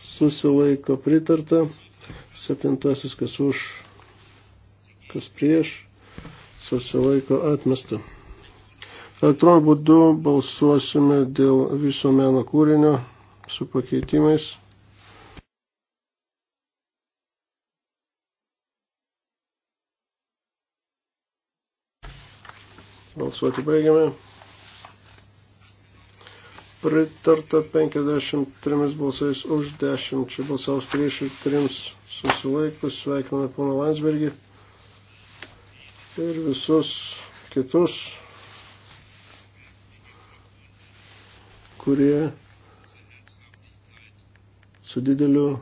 susilaiko pritarta, septintasis kas už, kas prieš susilaiko atmesta. Elektroniniu būdu balsuosime dėl viso meno kūrinio su pakeitimais. Balsuoti baigiame. Pritarta 53 balsais už 10 balsaus prieš ir 3 susilaikus. Sveikiname pono Landsbergį ir visus kitus, kurie su dideliu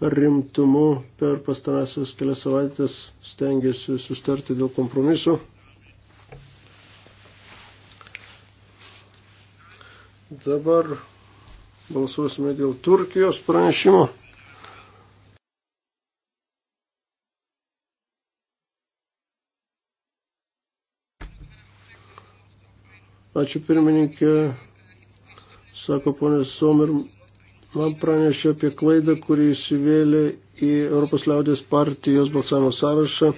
rimtumu per pastarąsias kelias savaitės stengiasi sustarti dėl kompromisų. Dabar balsuosime dėl Turkijos pranešimo. Ačiū pirmininkė, sako ponės Somer, man pranešė apie klaidą, kurį įsivėlė į Europos liaudės partijos balsavimo sąrašą.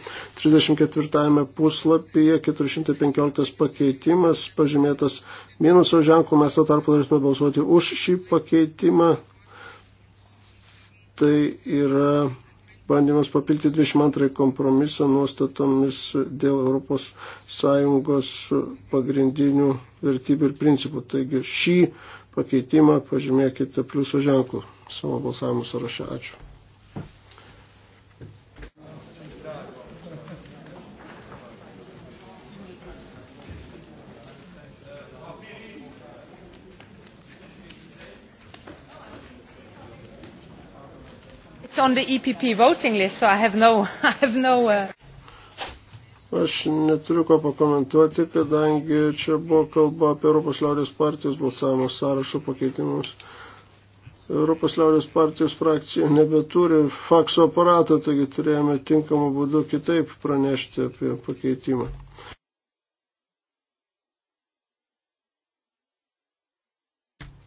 34 puslapyje 415 pakeitimas pažymėtas minuso ženklu, mes to tarpu turėtume balsuoti už šį pakeitimą. Tai yra bandymas papilti 22 kompromisą nuostatomis dėl ES pagrindinių vertybių ir principų. Taigi šį pakeitimą pažymėkite pliuso ženklų savo balsavimo sąraše. Ačiū. it's on the EPP voting list, so I have no, I have no. Uh... Aš neturiu ko pakomentuoti, kadangi čia buvo kalba apie Europos liaudės partijos balsavimo sąrašo pakeitimus. Europos liaudės partijos frakcija nebeturi fakso aparato, taigi turėjome tinkamą būdu kitaip pranešti apie pakeitimą.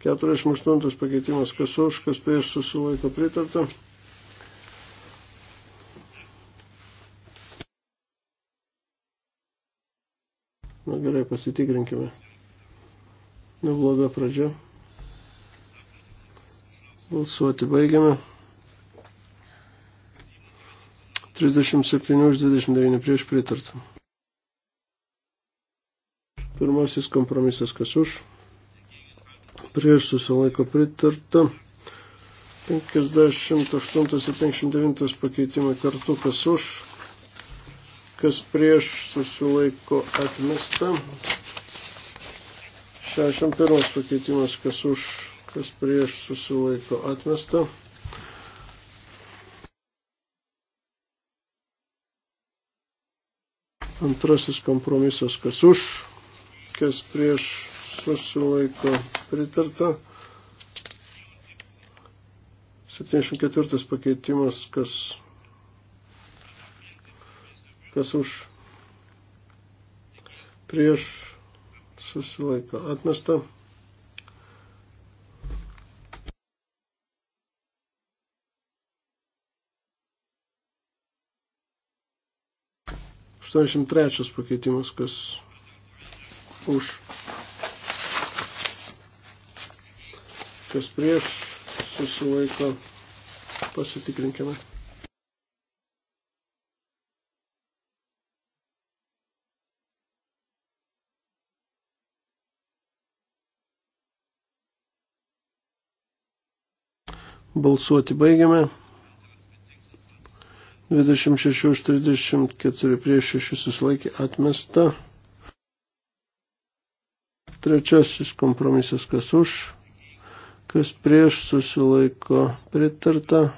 Keturiasdešimt aštuntas pakeitimas, kas už, kas prieš susilaiko pritarta. Na gerai, pasitikrinkime. Nebloga pradžia. Balsuoti baigiame. 37 už 29 prieš pritartą. Pirmasis kompromisas, kas už. Prieš susilaiko pritarta. 58 ir 59 pakeitimai kartu, kas už, kas prieš susilaiko atmesta. 61 pakeitimas, kas už, kas prieš susilaiko atmesta. Antrasis kompromisas, kas už, kas prieš susilaiko pritarta. 74 pakeitimas, kas Kas už? Prieš susilaiko. Atmesta. Aštuoniasdešimt trečias pakeitimas, kas už, kas prieš susilaiko, pasitikrinkime. Balsuoti baigiame. 26 už 34 prieš 6 susilaikė atmesta. Trečiasis kompromisas, kas už, kas prieš susilaiko pritarta.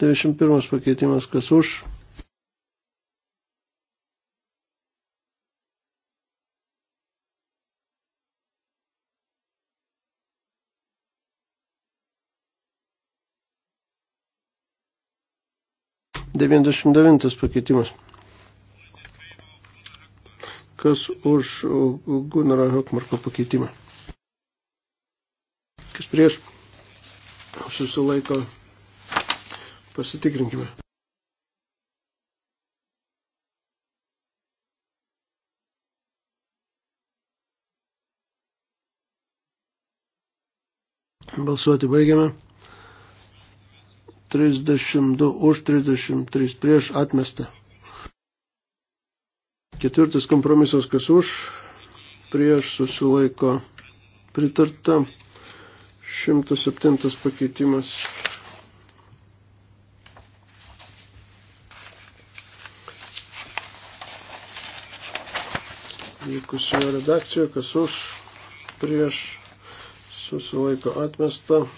91 pakeitimas, kas už 99 pakeitimas. Kas už Gunarą Hokmarko pakeitimą? Kas prieš? Susilaiko. Pasitikrinkime. Balsuoti baigiame. 32 už 33 prieš atmestą. Ketvirtas kompromisas, kas už, prieš susilaiko pritarta. 107 pakeitimas. Likusioje redakcijoje, kas už, prieš susilaiko atmestą.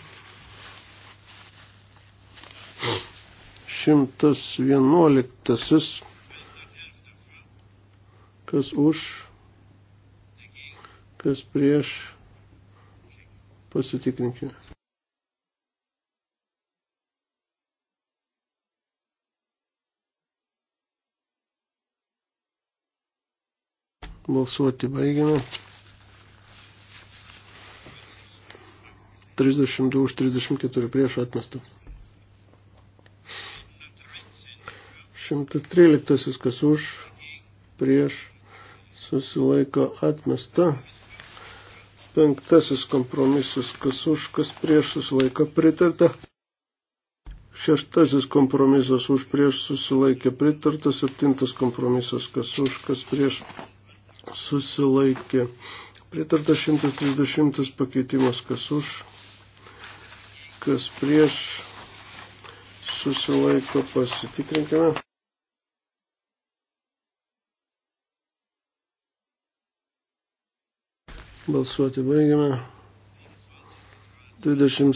111. Kas už, kas prieš, pasitikrinkime. Balsuoti baigiame. 32 už 34 prieš atmestą. 113 kas už, prieš, susilaiko atmesta. Penktasis kompromisas, kas už, kas prieš, susilaiko pritarta. Šeštasis kompromisas už prieš susilaikė pritarta, septintas kompromisas kas už, kas prieš susilaikė. Pritarta 130 pakeitimas kas už, kas prieš susilaiko pasitikrinkime. Balsuoti baigiame. 27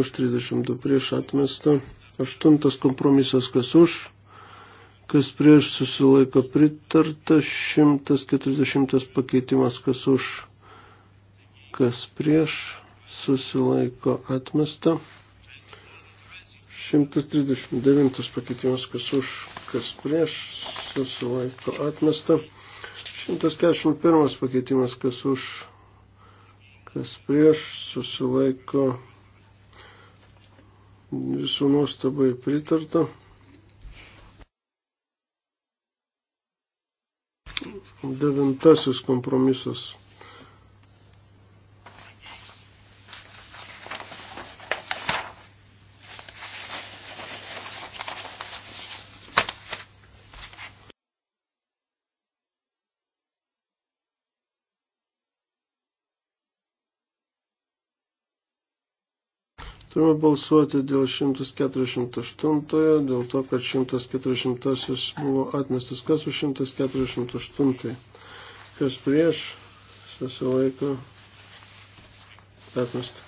už 32 prieš atmestą. Aštuntas kompromisas kas už, kas prieš susilaiko pritarta. 140 pakeitimas kas už, kas prieš susilaiko atmestą. 139 pakeitimas kas už, kas prieš susilaiko atmestą. 141 pakeitimas kas už kas prieš susilaiko visų nuostabai pritarta. Devintasis kompromisas Turime balsuoti dėl 148, dėl to, kad 140 buvo atmestas. Kas už 148? Kas prieš? Susilaiko. Atmestą.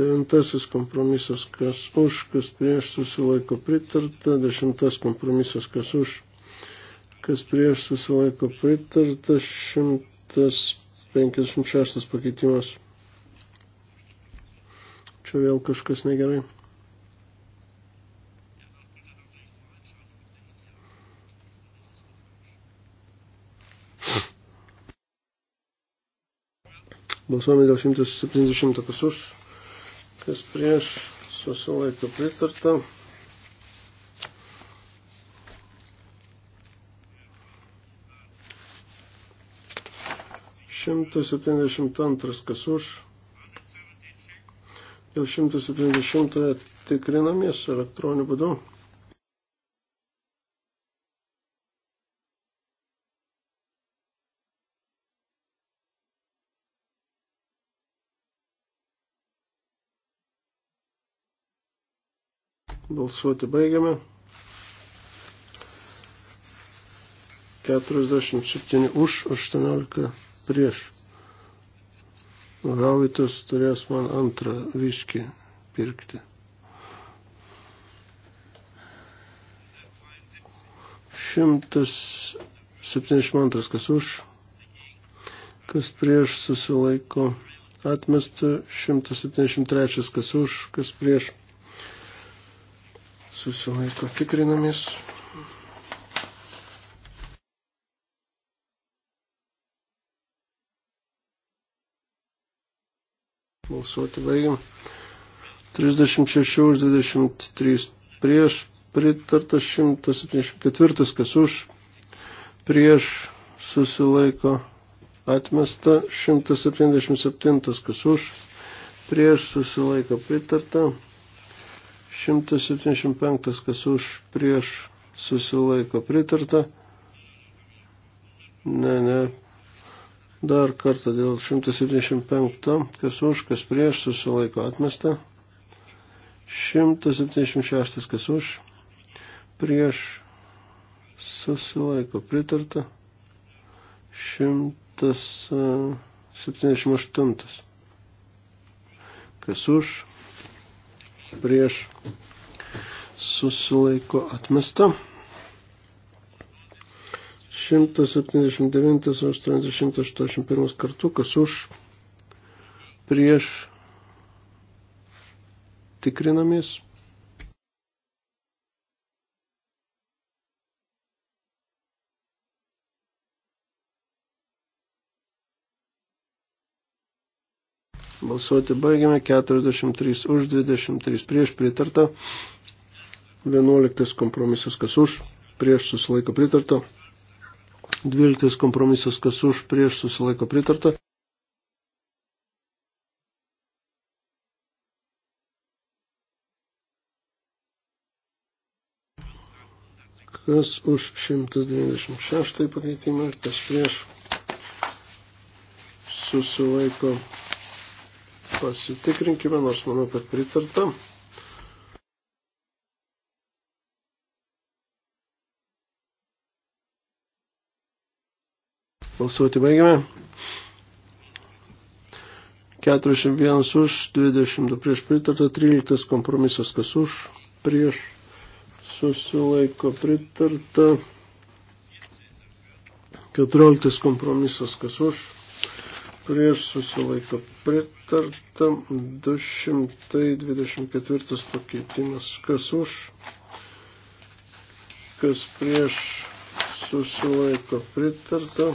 Devintasis kompromisas, kas už, kas prieš, susilaiko pritarta. Dešimtas kompromisas, kas už, kas prieš, susilaiko pritarta. 156 pakeitimas Čia vėl kažkas negerai. Balsuojame dėl 170 kas už, kas prieš, susilaiko pritarta. Šimtas septyniasdešimt antras kas už. Dėl 170 tikrinamės elektroniniu būdu. Balsuoti baigiame. 47 už, 18 prieš. Havitas turės man antrą viškį pirkti. Šimtas 72 kas už, kas prieš susilaiko, atmesta 173 kas už, kas prieš susilaiko tikrinamės. Balsuoti baigiam. 36 už 23 prieš, pritarta 174, kas už, prieš susilaiko atmesta 177, kas už, prieš susilaiko pritarta 175, kas už, prieš susilaiko pritarta. Ne, ne, Dar kartą dėl 175, kas už, kas prieš, susilaiko atmesta. 176, kas už, prieš, susilaiko pritarta. 178, kas už, prieš, susilaiko atmesta. 179-81 kartu, kas už prieš tikrinamis. Balsuoti baigiame 43 už 23 prieš pritarta. 11 kompromisas kas už prieš susilaiko pritarto. 12 kompromisas, kas už, prieš susilaiko pritarta. Kas už 126 pakeitimą, kas prieš susilaiko pasitikrinkime, nors manau, kad pritarta. Balsuoti baigime. 41 už, 22 prieš pritarta, 13 kompromisas kas už, prieš susilaiko pritarta, 14 kompromisas kas už, prieš susilaiko pritarta, 224 pakeitimas kas už, kas prieš susilaiko pritarta.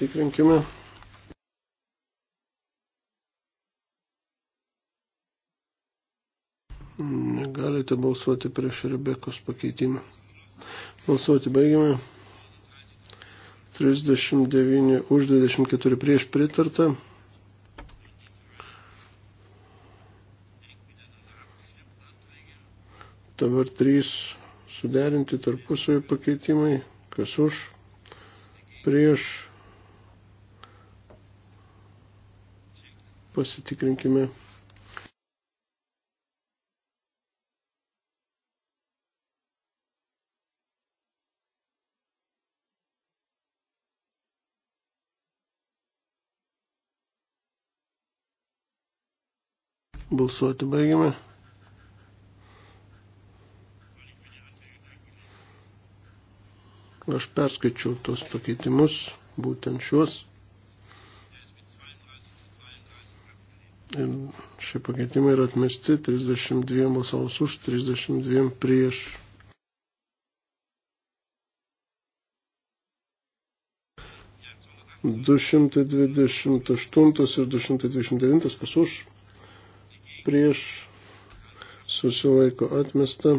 Pasitikrinkime. Negalite balsuoti prieš Rebekos pakeitimą. Balsuoti baigiame. 39 už 24 prieš pritartą. Dabar 3 suderinti tarpusavį pakeitimai. Kas už? Prieš pasitikrinkime. Balsuoti baigiame. Aš perskaičiau tos pakeitimus, būtent šiuos. Šie pakeitimai yra atmesti 32 balsavus už, 32 prieš. Du šimtai dvidešimt aštuntas ir du šimtai dvidešimt devintas, kas už, prieš, susilaiko atmesta,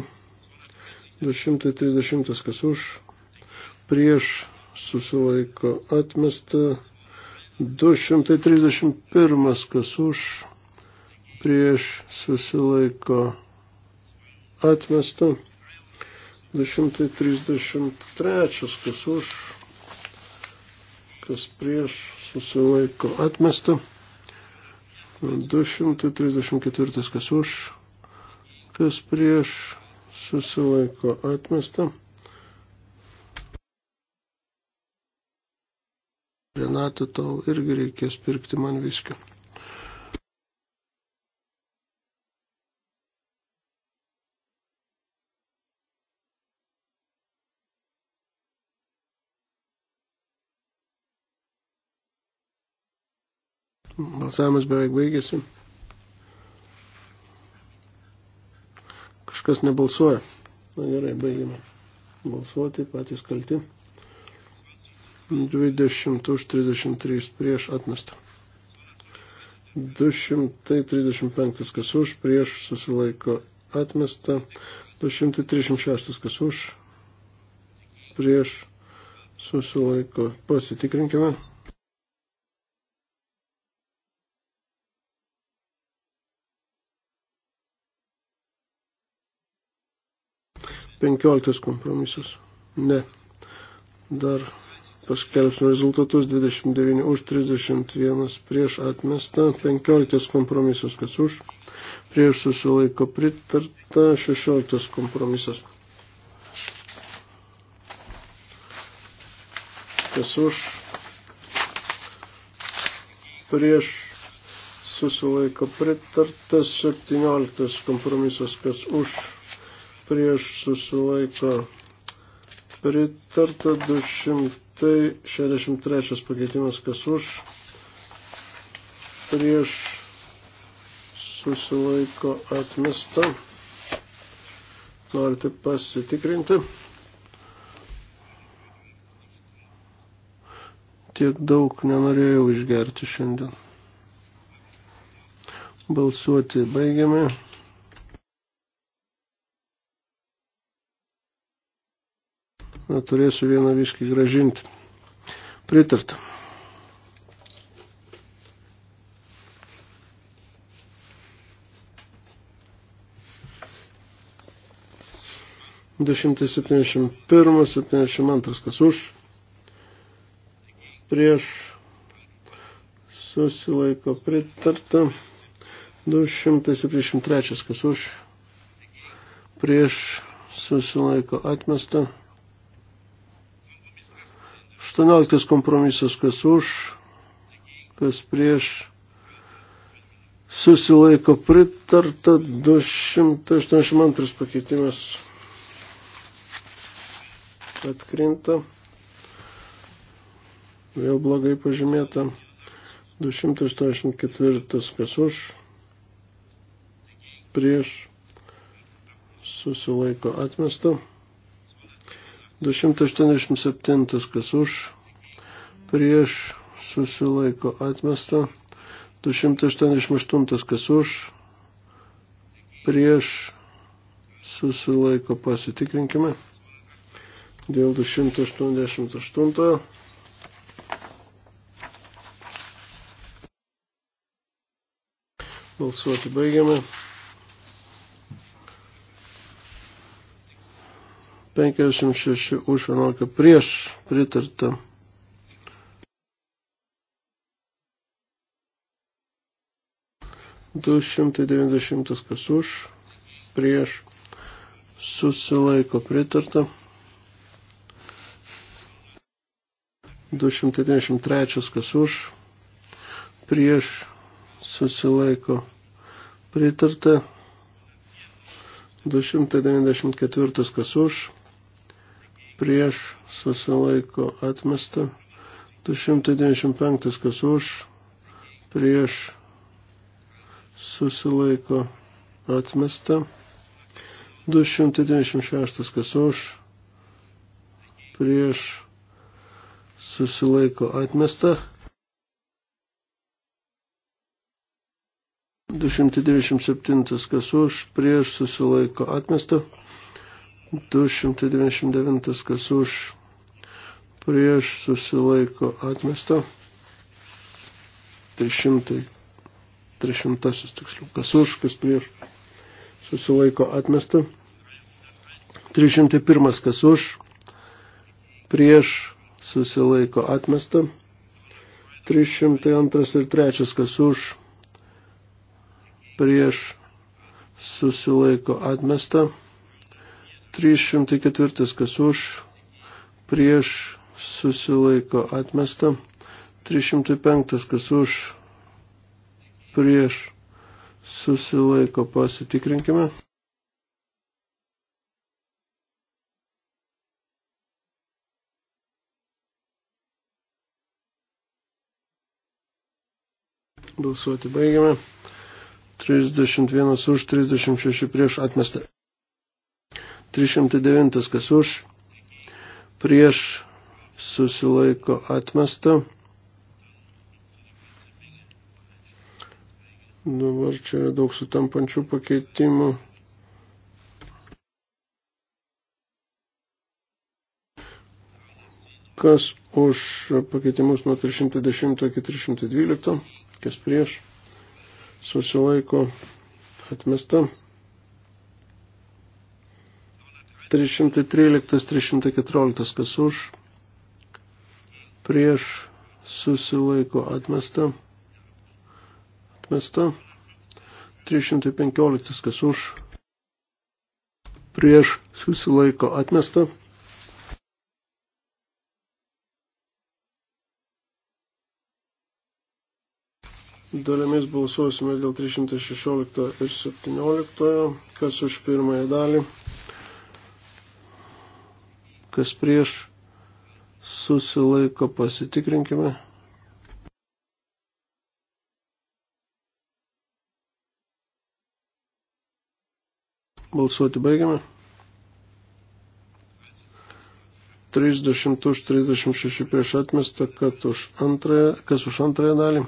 du šimtai trisdešimtas, kas už, prieš, susilaiko atmesta, 231, kas už, prieš susilaiko atmesta. 233, kas už, kas prieš susilaiko atmesta. 234, kas už, kas prieš susilaiko atmesta. metų, tol irgi reikės pirkti man viską. Balsavimas beveik baigėsi. Kažkas nebalsuoja. Na gerai, baigėme balsuoti, patys kalti. 20 už 33 prieš atmestą. 235 kas už, prieš susilaiko atmesta. 236 kas už, prieš susilaiko. Pasitikrinkime. Penkioliktas kompromisas. Ne. Dar Paskelbsime rezultatus 29 už 31 prieš atmestą, 15 kompromisas kas už, prieš susilaiko pritarta, 16 kompromisas. Kas už, prieš susilaiko pritartas, 17 kompromisas kas už, prieš susilaiko pritarta, 200. 163 tai pakeitimas, kas už, prieš, susilaiko atmesta. Norite pasitikrinti. Tiek daug nenorėjau išgerti šiandien. Balsuoti baigiame. turėsiu vieną viškį gražinti. Pritarta. Du šimtai septyniasdešimt pirmas, septyniasdešimt antras, kas už, prieš, susilaiko pritarta, du šimtai septyniasdešimt trečias, kas už, prieš, susilaiko atmesta. 18 kompromisas, kas už, kas prieš, susilaiko pritarta 282 pakeitimas atkrinta. Vėl blogai pažymėta. 284 kas už, prieš, susilaiko atmesta. 287 kas už, prieš susilaiko atmesta. 288 kas už, prieš susilaiko pasitikrinkime. Dėl 288. Balsuoti baigiame. 56 už 11 prieš pritarta. Du šimtai devyniasdešimtas kas už, prieš, susilaiko pritarta. Du šimtai devyniasdešimt trečias kas už, prieš, susilaiko pritarta. Du šimtai devyniasdešimt ketvirtas kas už, prieš, susilaiko atmesta. 295 kas už, prieš, susilaiko atmesta. 296 kas už, prieš, susilaiko atmesta. 297 kas už, prieš susilaiko atmesta, 299 kas už prieš susilaiko atmesta. 300, 300 tiksliau, kas už, kas prieš susilaiko atmesta. 301 kas už, prieš susilaiko atmesta. 302 ir 3 kas už, prieš susilaiko atmesta. 304 kas už, prieš susilaiko atmesta, 305 kas už, prieš susilaiko pasitikrinkime. Balsuoti baigiame. 31 už 36 prieš atmestą. 309 kas už, prieš susilaiko atmesta. Dabar čia yra daug sutampančių pakeitimų. Kas už pakeitimus nuo 310 iki 312, kas prieš, susilaiko atmesta. 313, 314, kas už, prieš susilaiko atmesta, atmesta, 315, kas už, prieš susilaiko atmesta. Dalimis balsuosime dėl 316 ir 17, kas už pirmąją dalį kas prieš susilaiko pasitikrinkime. Balsuoti baigiame. 30 už 36 prieš atmestą, kad už antrąją, kas už antrąją dalį.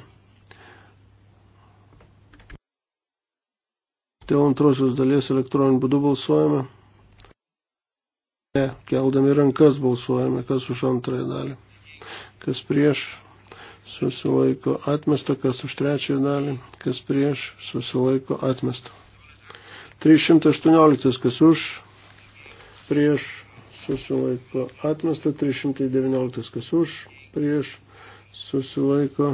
Dėl antrosios dalies elektroniniu būdu balsuojame keldami rankas balsuojame, kas už antrąją dalį, kas prieš susilaiko atmesta, kas už trečiąją dalį, kas prieš susilaiko atmesta. 318, kas už, prieš susilaiko atmesta, 319, kas už, prieš susilaiko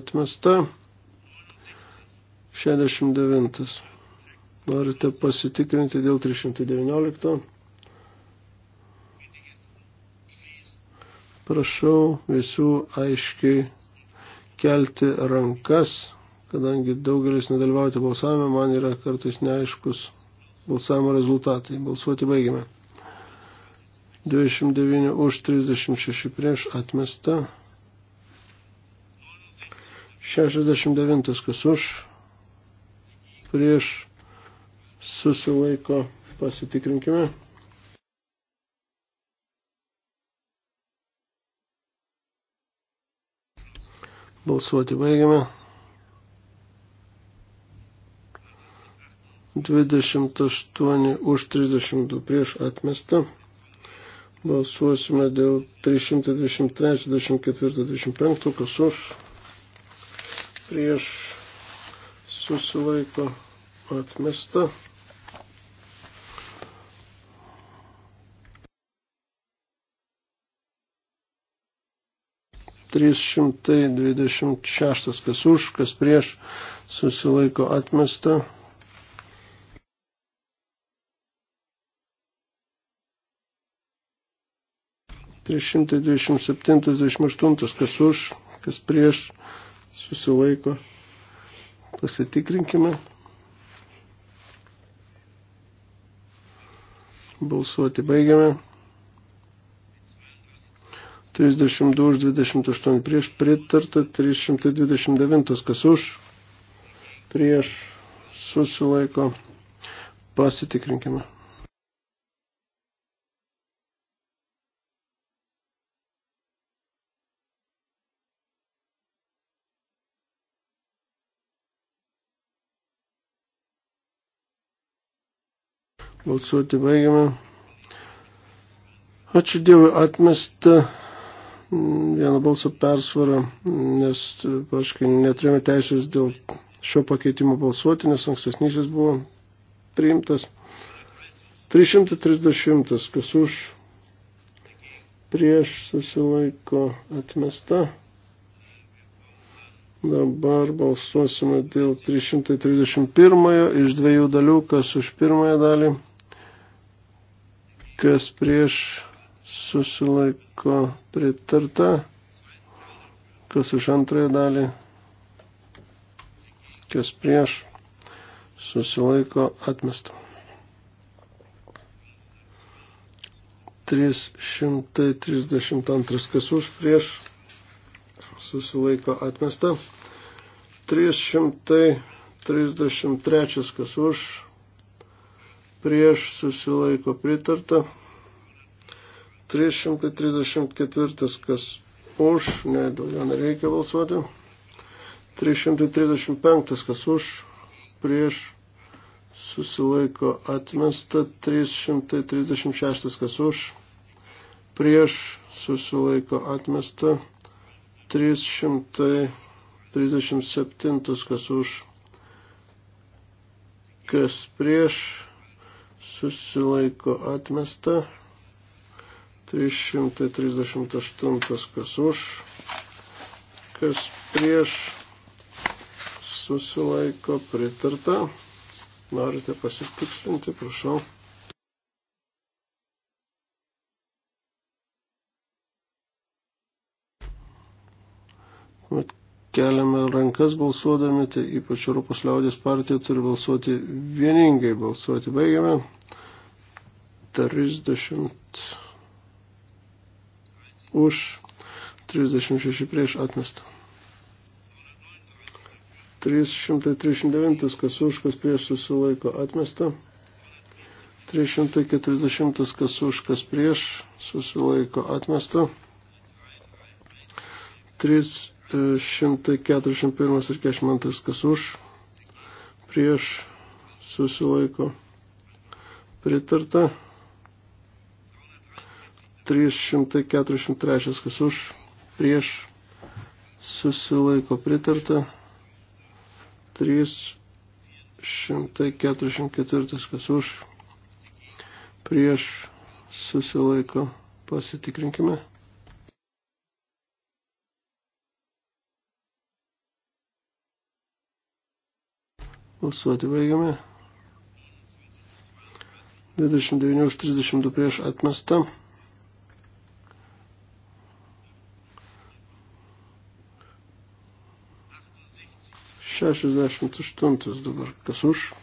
atmesta. 69. Norite pasitikrinti dėl 319. Prašau visų aiškiai kelti rankas, kadangi daugelis nedalyvauti balsavime, man yra kartais neaiškus balsavimo rezultatai. Balsuoti baigime. 29 už 36 prieš atmesta. 69 kas už prieš susilaiko pasitikrinkime. Balsuoti baigiame. 28 už 32 prieš atmestą. Balsuosime dėl 323, 24, 25, kas už prieš susilaiko atmestą. 326, kas už, kas prieš, susilaiko atmesta. Trys šimtai dvidešimt septintas, dvidešimt aštuntas, kas už, kas prieš, susilaiko. Pasitikrinkime. Balsuoti baigiame. 32 už 28 prieš pritarta, 329 kas už, prieš susilaiko. Pasitikrinkime. Balsuoti baigiame. Ačiū Dievui atmesta vieno balso persvarą, nes praškai neturėjome teisės dėl šio pakeitimo balsuoti, nes ankstesnysis buvo priimtas. 330, kas už prieš susilaiko atmesta. Dabar balsuosime dėl 331 iš dviejų dalių, kas už pirmąją dalį, kas prieš susilaiko pritarta, kas už antrąją dalį, kas prieš, susilaiko atmesta. 332, kas už prieš, susilaiko atmesta. 333, kas už prieš, susilaiko pritarta. 334, kas už, ne, dėl jo nereikia balsuoti. 335, kas už, prieš, susilaiko atmesta. 336, kas už, prieš, susilaiko atmesta. 337, kas už, kas prieš, susilaiko atmesta. 338 kas už, kas prieš susilaiko pritarta. Norite pasitikslinti, prašau. Keliame rankas balsuodami, tai ypač Europos liaudės partija turi balsuoti vieningai. Balsuoti baigiame. 30 už 36 prieš atmestą. 339, kas už, kas prieš susilaiko atmestą. 340, kas už, kas prieš susilaiko atmestą. 341 ir 42, kas už, prieš susilaiko pritarta. 343, kas už, prieš, susilaiko pritarta. 344, kas už, prieš, susilaiko, pasitikrinkime. Balsuoti baigiame. 29 už 32 prieš atmestą. 68 dabar. Kas už?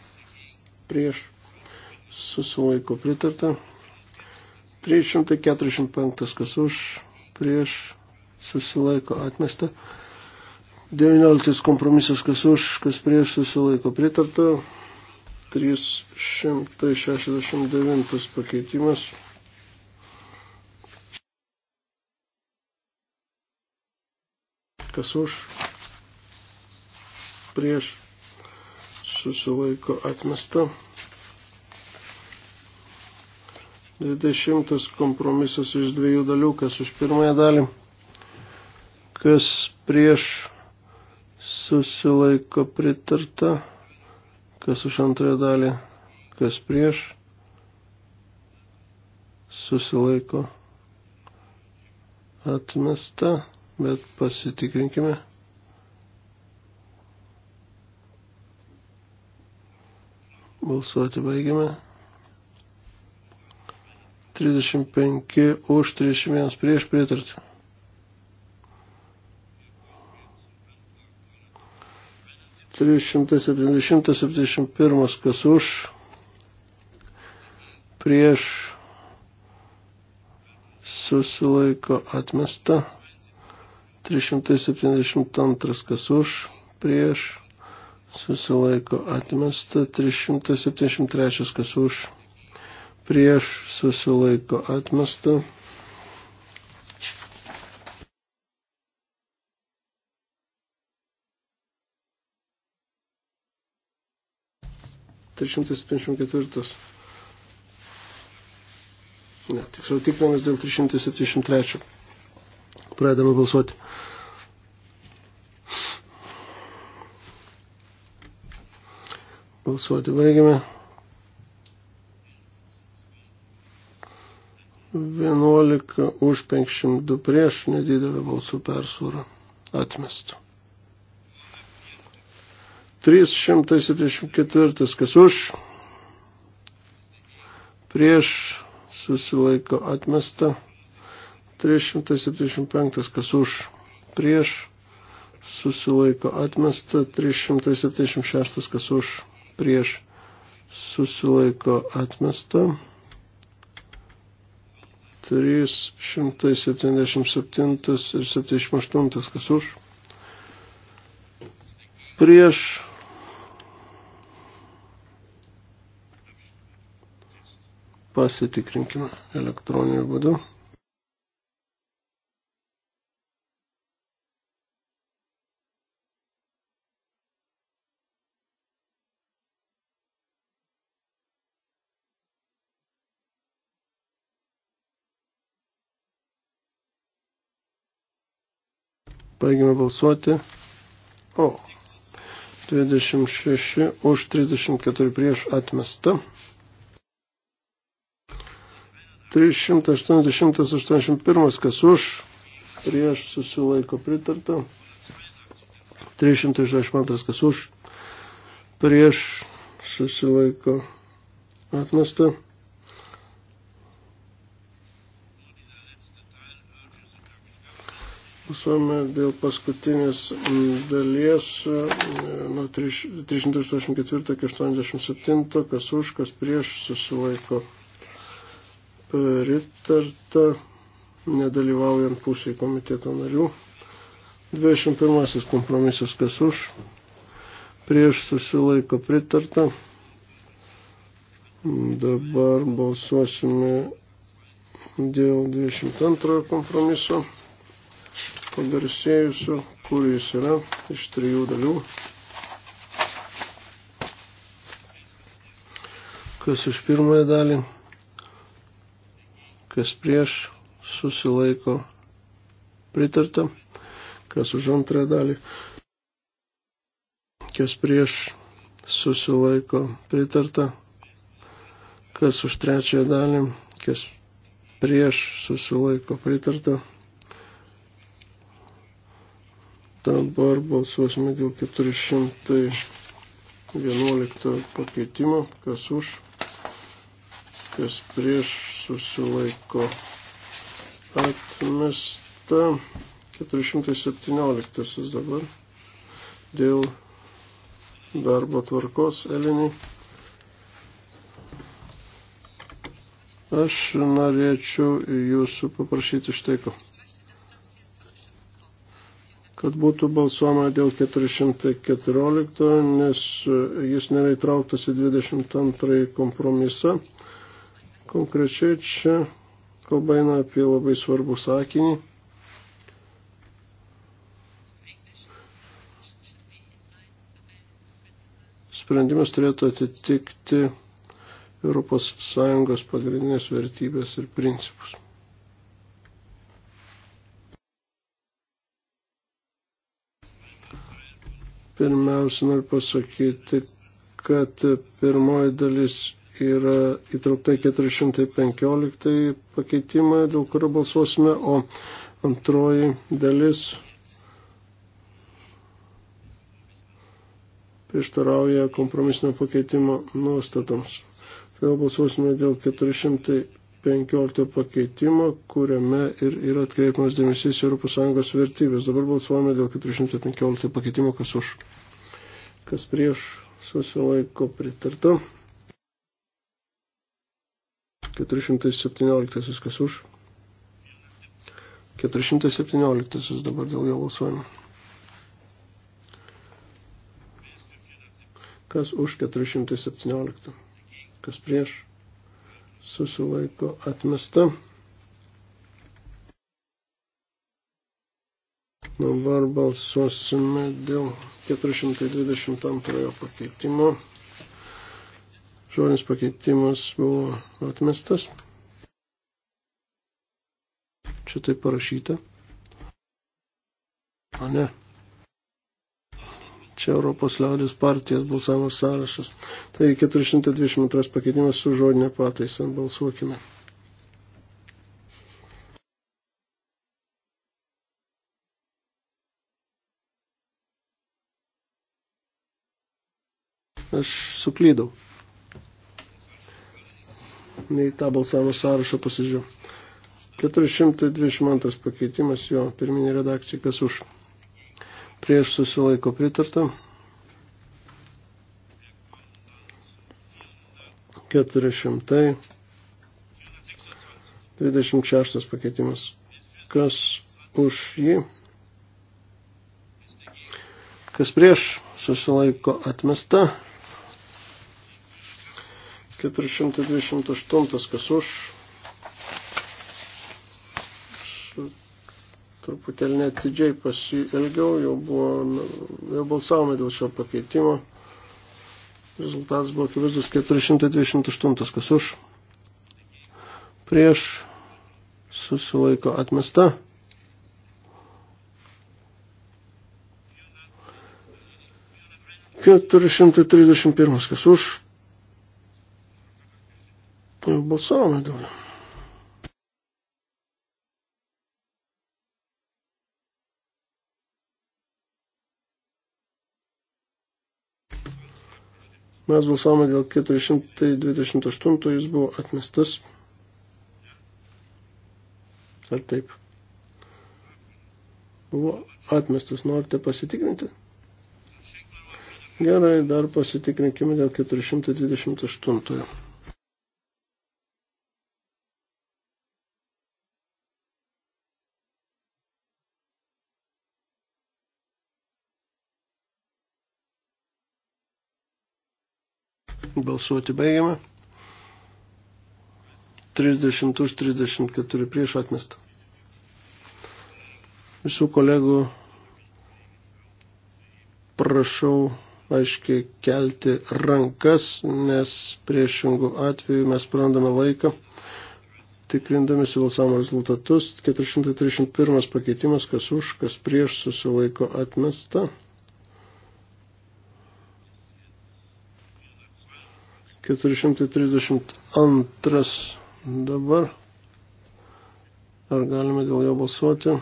Prieš. Susilaiko pritarta. 345 kas už. Prieš. Susilaiko atmesta. 19 kompromisas kas už, kas prieš susilaiko pritarta. 369 pakeitimas. Kas už? prieš susilaiko atmesta. 20 kompromisas iš dviejų dalių, kas už pirmąją dalį, kas prieš susilaiko pritarta, kas už antrąją dalį, kas prieš susilaiko atmesta, bet pasitikrinkime. Balsuoti baigiame. 35 už 31 prieš pritartį. Tris šimtas septyniasdešimt pirmas, kas už, prieš susilaiko atmesta. 372 kas už, prieš, susilaiko atmesta, 373 kas už, prieš susilaiko atmesta. Trišimtas penkiasdešimt ketvirtas. Ne, tiksliau tikrinamės dėl 373. Pradedame balsuoti. Balsuoti baigiame. 11 už 502 prieš nedidelę balsų persvarą atmestų. 374 kas už prieš susilaiko atmesta. 375 kas už prieš susilaiko atmesta. 376 kas už prieš susilaiko atmesta. 377 ir 78, kas už. Prieš pasitikrinkime elektroniniu būdu. Baigime balsuoti. O. 26 už 34 prieš atmesta. 380-81 kas už prieš susilaiko pritarta. 362 kas už prieš susilaiko atmesta. balsuojame dėl paskutinės dalies nuo 384 iki 87, kas už, kas prieš susilaiko pritarta, nedalyvaujant pusiai komiteto narių. 21 kompromisas, kas už, prieš susilaiko pritarta. Dabar balsuosime dėl 22 kompromiso pagarsėjusiu, kuris yra iš trijų dalių. Kas už pirmąją dalį, kas prieš susilaiko pritarta, kas už antrąją dalį, kas prieš susilaiko pritarta, kas už trečiąją dalį, kas prieš susilaiko pritarta. Dabar balsuosime dėl 411 pakeitimo, kas už, kas prieš susilaiko atmesta 417 dabar dėl darbo tvarkos Eliniai. Aš norėčiau jūsų paprašyti štai ko kad būtų balsuoma dėl 414, nes e, jis nėra įtrauktas į 22 kompromisą. Konkrečiai čia kalba eina apie labai svarbų sakinį. Sprendimas turėtų atitikti ES pagrindinės vertybės ir principus. Pirmiausia, noriu pasakyti, kad pirmoji dalis yra įtraukta 415 pakeitimą, dėl kurio balsuosime, o antroji dalis prieštarauja kompromisinio pakeitimo nuostatoms. Todėl balsuosime dėl 415 15 pakeitimą, kuriame ir yra atkreipiamas dėmesys ES vertybės. Dabar balsuojame dėl 415 pakeitimo, kas už, kas prieš, susilaiko pritarta. 417 kas už. 417 dabar dėl jo balsuojame. Kas už 417? Kas prieš? susilaiko atmesta. Dabar balsuosime dėl 422 pakeitimo. Žodinis pakeitimas buvo atmestas. Čia tai parašyta. O ne. Čia Europos liaudės partijos balsavo sąrašas. Taigi 422 pakeitimas su žodinė pataisa. Balsuokime. Aš suklydau. Nei tą balsavimo sąrašą pasižiūrėjau. 422 pakeitimas jo pirminė redakcija, kas už prieš susilaiko pritarta. 426 pakeitimas. Kas už jį? Kas prieš susilaiko atmesta? 428 kas už? truputėlį netidžiai pasielgiau, jau, buvo, jau balsavome dėl šio pakeitimo. Rezultatas buvo akivaizdus 428, kas už. Prieš susilaiko atmesta. Keturi šimtai trisdešimt pirmas, kas už. Jau balsavome dėl jo. Mes balsavome dėl 428, jis buvo atmestas. Ar taip? Buvo atmestas, norite pasitikrinti? Gerai, dar pasitikrinkime dėl 428. Balsuoti baigiame. 30 už 34 prieš atmestą. Visų kolegų prašau aiškiai kelti rankas, nes priešingų atveju mes prarandame laiką tikrindamėsi balsavimo rezultatus. 431 pakeitimas, kas už, kas prieš susilaiko atmesta. 432 dabar. Ar galime dėl jo balsuoti?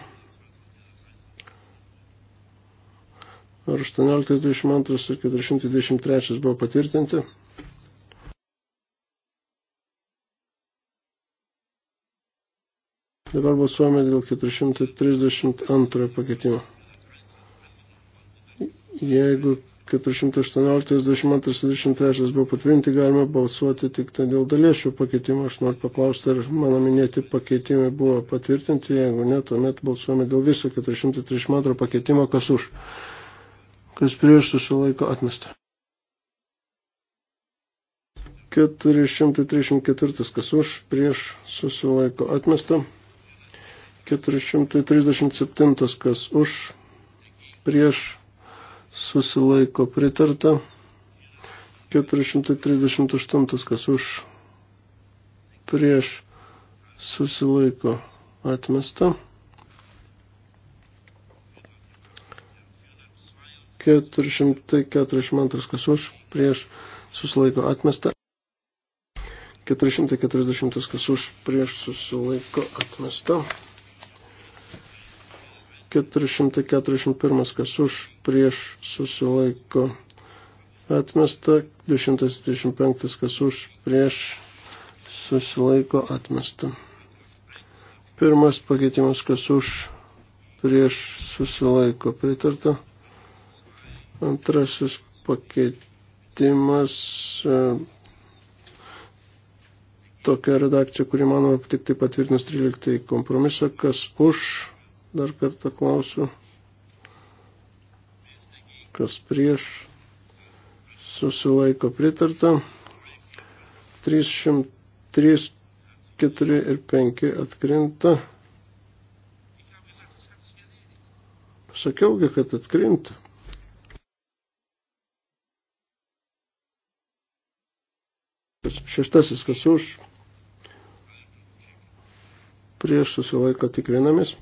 Ar 18.22 ir 423 buvo patvirtinti? Dabar balsuojame dėl 432 pakeitimo. Jeigu 418-23 buvo patvirtinti, galima balsuoti tik tai dėl dalies šių pakeitimų. Aš noriu paklausti, ar mano minėti pakeitimai buvo patvirtinti, jeigu ne, tuomet balsuojame dėl viso 432 pakeitimo, kas už, kas prieš susilaiko atmesta. 434 kas už, prieš susilaiko atmesta. 437 kas už, prieš susilaiko pritarta. 438, kas už prieš susilaiko atmesta. 442, kas už prieš susilaiko atmesta. 440, kas už prieš susilaiko atmesta. 441, kas už, prieš susilaiko atmesta, 225, kas už, prieš susilaiko atmesta. Pirmas pakeitimas, kas už, prieš susilaiko pritarta. Antrasis pakeitimas. E, tokia redakcija, kuri manoma tik tai patvirtinus 13 kompromisą, kas už Dar kartą klausiu, kas prieš susilaiko pritarta. 303, 4 ir 5 atkrinta. Sakiaugi, kad atkrinta. Šeštasis, kas už, prieš susilaiko tikrinamis.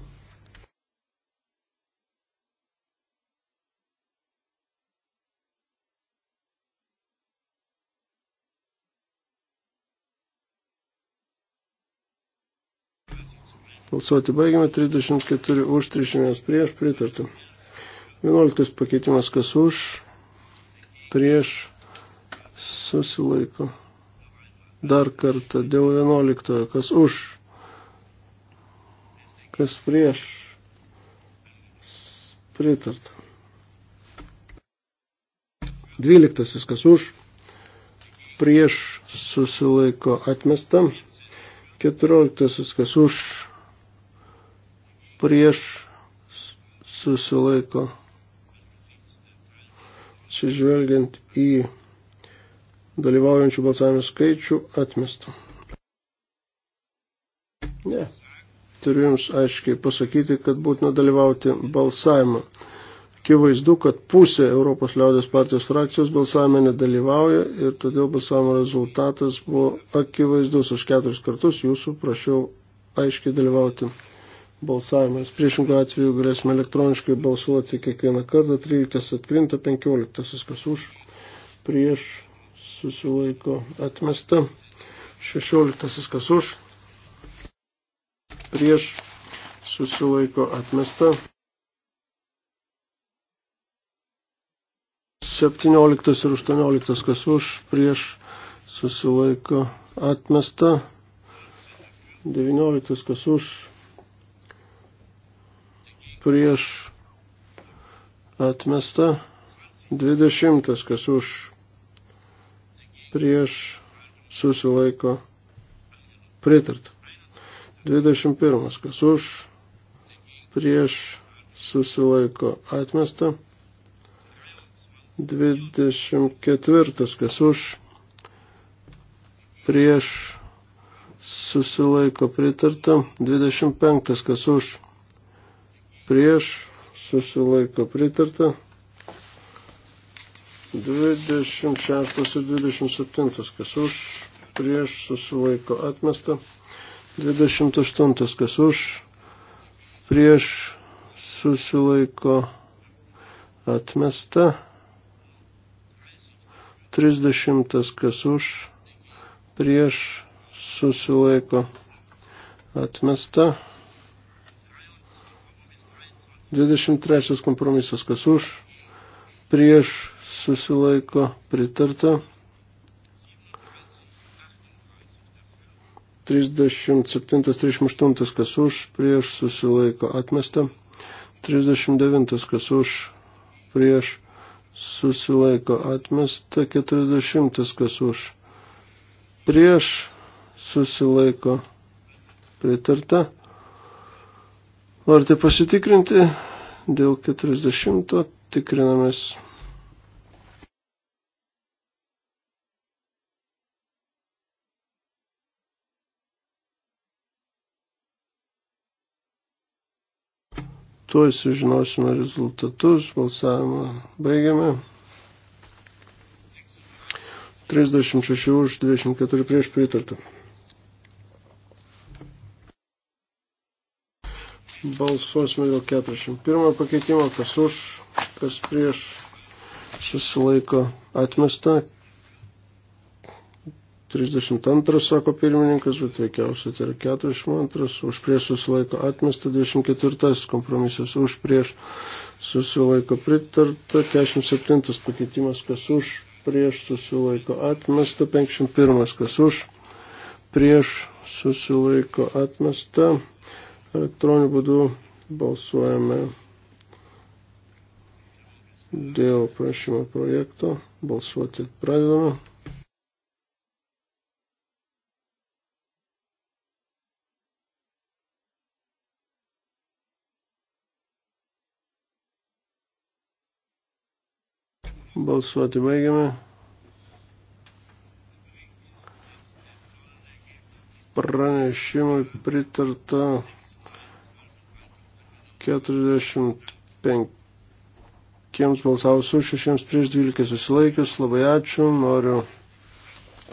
Balsuoti baigiame 34 už 31 prieš pritartą. 11 pakeitimas kas už prieš susilaiko. Dar kartą dėl 11 kas už kas prieš pritartą. 12 kas už prieš susilaiko atmestam. 14 kas už prieš susilaiko. Atsižvelgiant į dalyvaujančių balsavimų skaičių atmestą. Ne. Turiu Jums aiškiai pasakyti, kad būtina dalyvauti balsavimą. Akivaizdu, kad pusė Europos liaudės partijos frakcijos balsavime nedalyvauja ir todėl balsavimo rezultatas buvo akivaizdus. Aš keturis kartus jūsų prašiau aiškiai dalyvauti balsavimas. Priešingų atveju galėsime elektroniškai balsuoti kiekvieną kartą. 13 atkrinta, 15 kas už, prieš susilaiko atmesta, 16 kas už, prieš susilaiko atmesta. 17 ir 18 kas už, prieš susilaiko atmesta, 19 kas už, prieš atmesta, 20 kas už prieš susilaiko pritarta, 21 kas už prieš susilaiko atmesta, 24 kas už prieš susilaiko pritarta, 25 kas už prieš susilaiko pritarta. 26 ir 27, kas už, prieš susilaiko atmesta. 28, kas už, prieš susilaiko atmesta. 30, kas už, prieš susilaiko atmesta. 23 kompromisas, kas už, prieš susilaiko pritarta. 37-38 kas už, prieš susilaiko atmesta. 39 kas už, prieš susilaiko atmesta. 40 kas už, prieš susilaiko pritarta. Norite pasitikrinti dėl 40 tikrinamės. Tuoj sužinosime rezultatus, balsavimą baigiame. 36 už 24 prieš pritartą. Balsuosime dėl 41 pakeitimo, kas už, kas prieš susilaiko atmesta. 32, sako pirmininkas, bet veikiausiai tai yra 42, už prieš susilaiko atmesta, 24 kompromisas, už prieš susilaiko pritarta, 47 pakeitimas, kas už, prieš susilaiko atmesta, 51 kas už, prieš susilaiko atmesta. Elektroniniu būdu balsuojame dėl prašymo projekto. Balsuoti pradedame. Balsuoti baigiame. Pranešimui pritarta 45 balsavus už, 6 prieš 12 susilaikius. Labai ačiū, noriu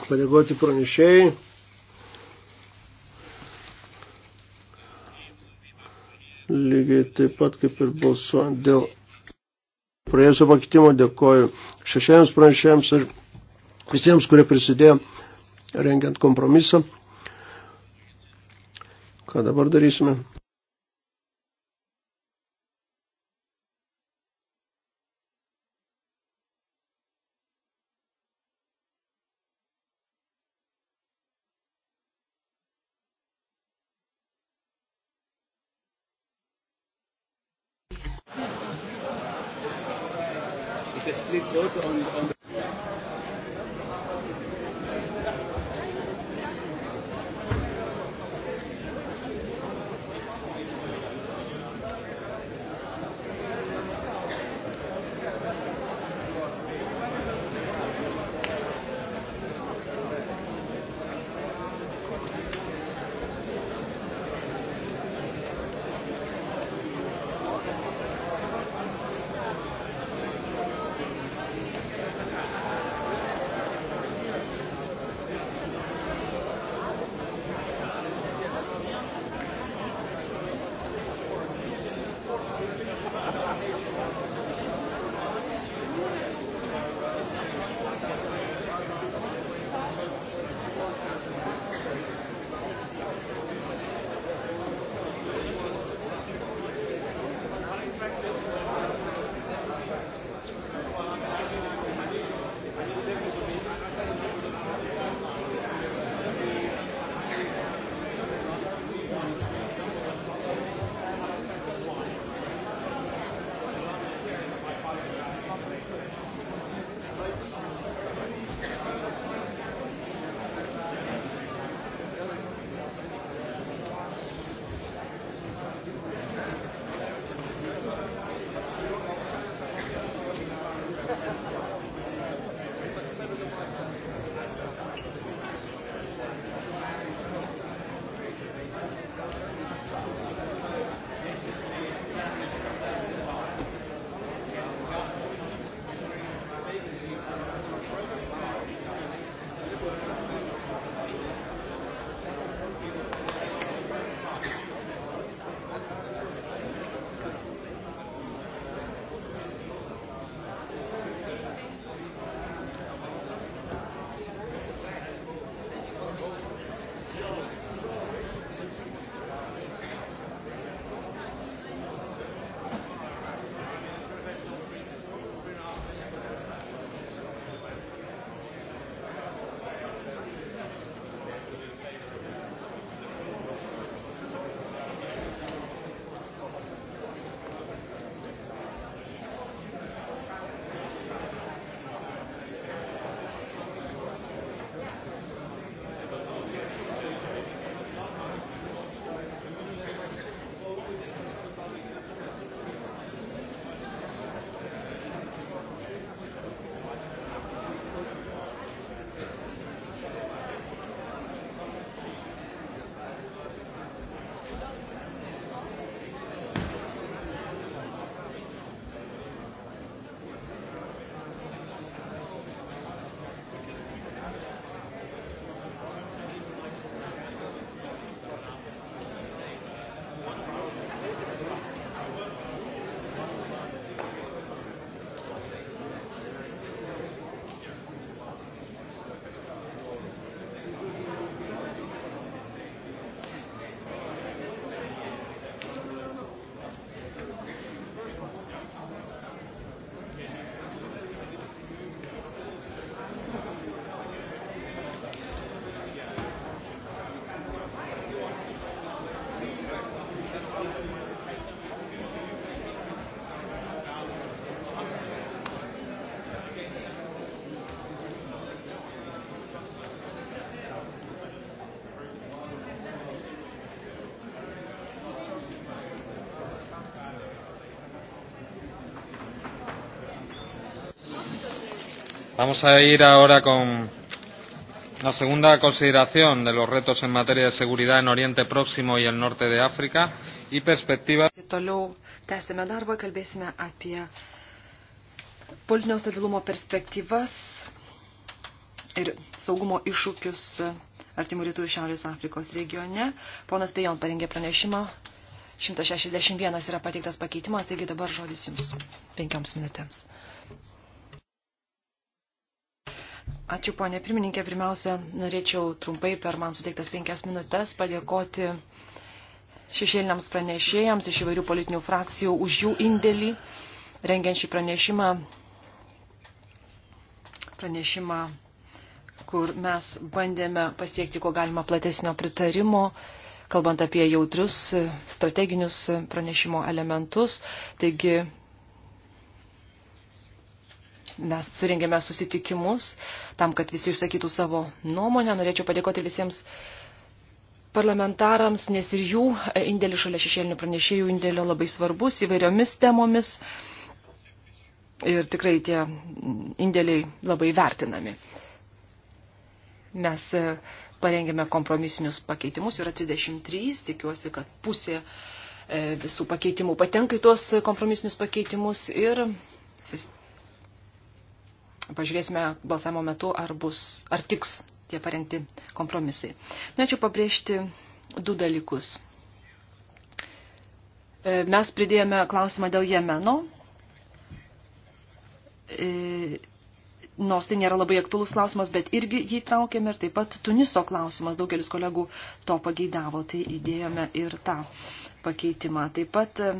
padėkoti pranešėjai. Lygiai taip pat kaip ir balsuojant dėl praėjusio pakeitimo dėkoju šešiems pranešėjams ir visiems, kurie prisidėjo rengiant kompromisą. Ką dabar darysime? Vamos a ir ahora con la segunda consideración de los retos en materia de seguridad en Oriente Próximo y el norte de África y perspectiva. Toliau tęsime darbą, kalbėsime apie politinio stabilumo perspektyvas ir saugumo iššūkius Artimų rytų ir Šiaurės Afrikos regione. Ponas Pejon parengė pranešimą. 161 yra pateiktas pakeitimas, taigi dabar žodis jums penkioms minutėms. Ačiū, ponė pirmininkė. Pirmiausia, norėčiau trumpai per man suteiktas penkias minutės padėkoti šešėliniams pranešėjams iš įvairių politinių frakcijų už jų indėlį, rengiant šį pranešimą, pranešimą, kur mes bandėme pasiekti, ko galima platesnio pritarimo, kalbant apie jautrius strateginius pranešimo elementus. Taigi, mes surengėme susitikimus tam, kad visi išsakytų savo nuomonę. Norėčiau padėkoti visiems parlamentarams, nes ir jų indėlis šalia šešėlinių pranešėjų indėlio labai svarbus įvairiomis temomis. Ir tikrai tie indėliai labai vertinami. Mes e, parengėme kompromisinius pakeitimus, yra 33, tikiuosi, kad pusė e, visų pakeitimų patenka į tuos kompromisinius pakeitimus ir pažiūrėsime balsavimo metu, ar, bus, ar tiks tie parengti kompromisai. Norėčiau pabrėžti du dalykus. E, mes pridėjome klausimą dėl Jemeno, e, nors tai nėra labai aktuolus klausimas, bet irgi jį traukėme ir taip pat Tuniso klausimas, daugelis kolegų to pageidavo, tai įdėjome ir tą pakeitimą. Taip pat e,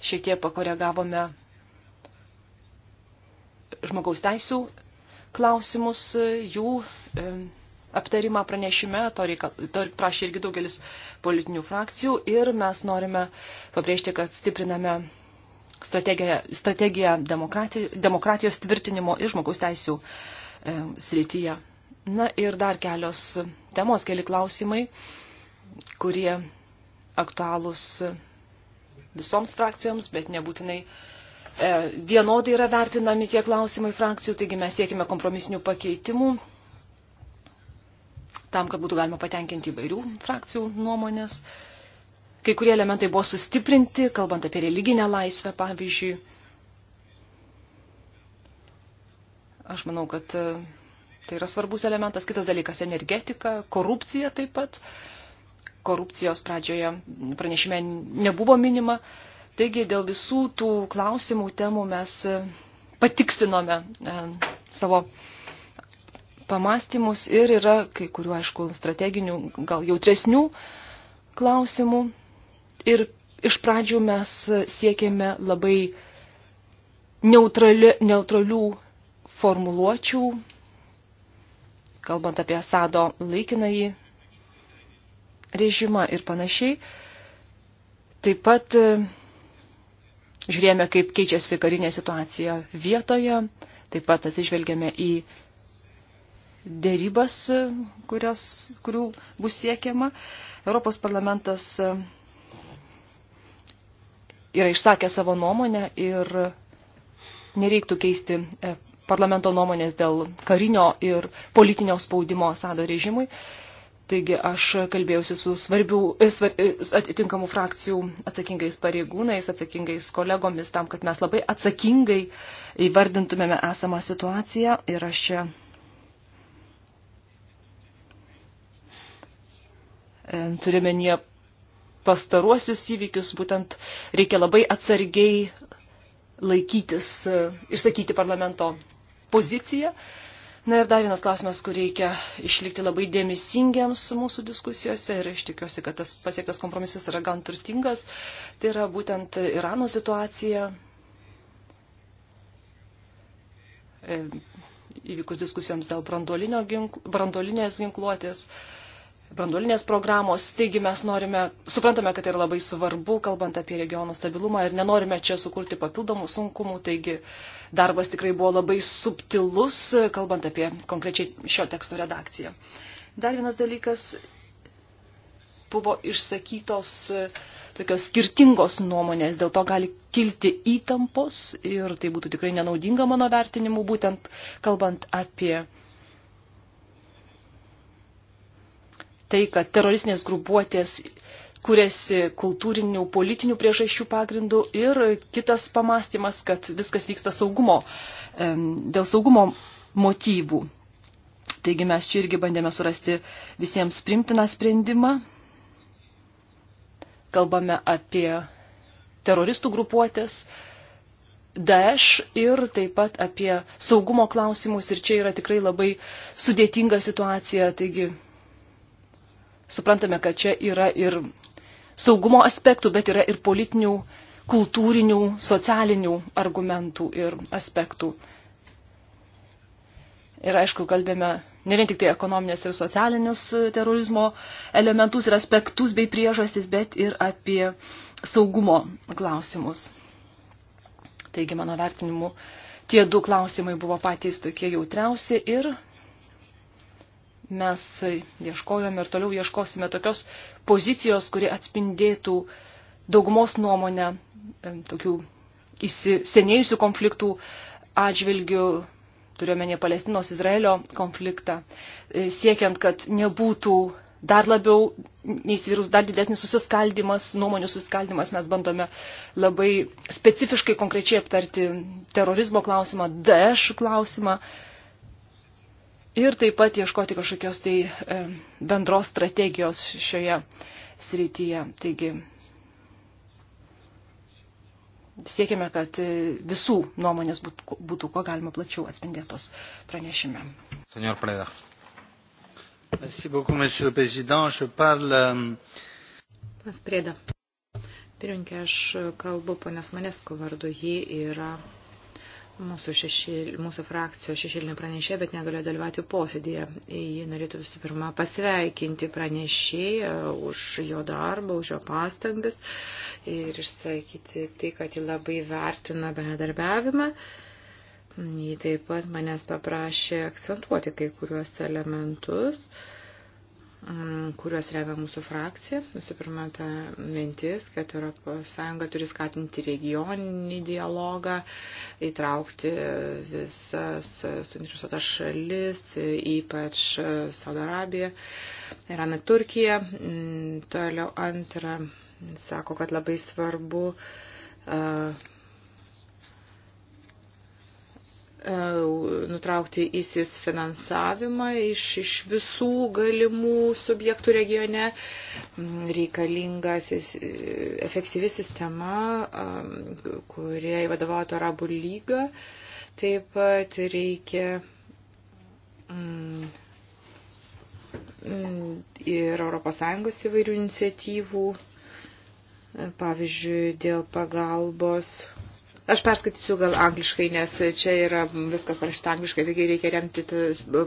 šiek tiek pakoregavome žmogaus teisų klausimus, e, jų e, aptarimą pranešime, to, reikal, to prašė irgi daugelis politinių frakcijų ir mes norime pabrėžti, kad stipriname strategiją, strategiją demokratijos, demokratijos tvirtinimo ir žmogaus teisų e, srityje. Na ir dar kelios temos, keli klausimai, kurie aktualūs visoms frakcijoms, bet nebūtinai e, E, vienodai yra vertinami tie klausimai frakcijų, taigi mes siekime kompromisinių pakeitimų tam, kad būtų galima patenkinti įvairių frakcijų nuomonės. Kai kurie elementai buvo sustiprinti, kalbant apie religinę laisvę, pavyzdžiui. Aš manau, kad e, tai yra svarbus elementas. Kitas dalykas - energetika, korupcija taip pat. Korupcijos pradžioje pranešime nebuvo minima. Uh, Taigi dėl visų tų klausimų, temų mes e, patiksinome e, savo pamastymus ir yra kai kurių, aišku, strateginių, gal jautresnių klausimų. Ir iš pradžių mes siekėme labai neutrali, neutralių formuluočių, kalbant apie Asado laikinąjį režimą ir panašiai. Taip pat e, žiūrėjome, kaip keičiasi karinė situacija vietoje, taip pat atsižvelgėme į dėrybas, kurios, kurių bus siekiama. Europos parlamentas e, yra išsakę savo nuomonę ir nereiktų keisti e, parlamento nuomonės dėl karinio ir politinio spaudimo Asado režimui. Taigi aš kalbėjausi su svarbių, e, svar, e, atitinkamų frakcijų atsakingais pareigūnais, atsakingais kolegomis, tam, kad mes labai atsakingai įvardintumėme esamą situaciją. Ir aš čia e, turiuomenyje pastaruosius įvykius, būtent reikia labai atsargiai laikytis, išsakyti parlamento poziciją. Uh, Na ir dar vienas klausimas, kur reikia išlikti labai dėmesingiams mūsų diskusijose ir aš tikiuosi, kad tas pasiektas kompromisas yra gan turtingas. Tai yra būtent Irano situacija. E, įvykus diskusijoms dėl brandolinės ginkluotės. Ginkl branduolinės programos. Taigi mes norime, suprantame, kad tai yra labai svarbu, kalbant apie regiono stabilumą ir nenorime čia sukurti papildomų sunkumų. Taigi darbas tikrai buvo labai subtilus, kalbant apie konkrečiai šio teksto redakciją. Dar vienas dalykas buvo išsakytos e, tokios skirtingos nuomonės, dėl to gali kilti įtampos ir tai būtų tikrai nenaudinga mano vertinimu, būtent kalbant apie tai, kad teroristinės grupuotės kuriasi kultūrinių, politinių priežasčių pagrindų ir kitas pamastymas, kad viskas vyksta saugumo, dėl saugumo motyvų. Taigi mes čia irgi bandėme surasti visiems primtiną sprendimą. Kalbame apie teroristų grupuotės, Daesh ir taip pat apie saugumo klausimus. Ir čia yra tikrai labai sudėtinga situacija, taigi suprantame, kad čia yra ir saugumo aspektų, bet yra ir politinių, kultūrinių, socialinių argumentų ir aspektų. Ir aišku, kalbėme ne vien tik tai ekonominės ir socialinius e, terorizmo elementus ir aspektus bei priežastis, bet ir apie saugumo klausimus. Taigi, mano vertinimu, tie du klausimai buvo patys tokie jautriausi ir mes ieškojome ir toliau ieškosime tokios pozicijos, kuri atspindėtų daugumos nuomonę tokių įsisenėjusių konfliktų atžvilgių, turiuomenė Palestinos-Izraelio konfliktą, e, siekiant, kad nebūtų dar labiau, neįsivyrus dar didesnis susiskaldimas, nuomonių susiskaldimas, mes bandome labai specifiškai konkrečiai aptarti terorizmo klausimą, DŠ klausimą, uh, ir taip pat ieškoti kažkokios tai e, bendros strategijos šioje srityje. Taigi siekiame, kad e, visų nuomonės būtų, būtų kuo galima plačiau atspindėtos pranešime. Senor Preda. Merci beaucoup, monsieur le président. Je parle. Euh, Pas Preda. Pirinkė, aš kalbu ponės Manesko vardu. Ji yra mūsų, šešėl, mūsų frakcijos šešėlinė pranešė, bet negalėjo dalyvauti posėdėje. Ji norėtų visų pirma pasveikinti pranešėją už jo darbą, už jo pastangas ir išsakyti tai, kad ji labai vertina bendradarbiavimą. Ji taip pat manęs paprašė akcentuoti kai kuriuos elementus. Uh, kuriuos remia mūsų frakcija. Visų pirma, ta mintis, kad ES turi skatinti regioninį dialogą, įtraukti visas suinteresuotas šalis, ypač Saudo Arabija, Iraną, Turkiją. Mm, toliau antra, sako, kad labai svarbu. Uh, E, nutraukti įsis finansavimą iš, iš visų galimų subjektų regione. Mm, reikalinga e, efektyvi sistema, e, kuriai vadovautų Arabų lyga. Taip pat reikia mm, mm, ir ES įvairių iniciatyvų, pavyzdžiui, dėl pagalbos Aš perskaitysiu gal angliškai, nes čia yra viskas parašyta angliškai, taigi reikia remti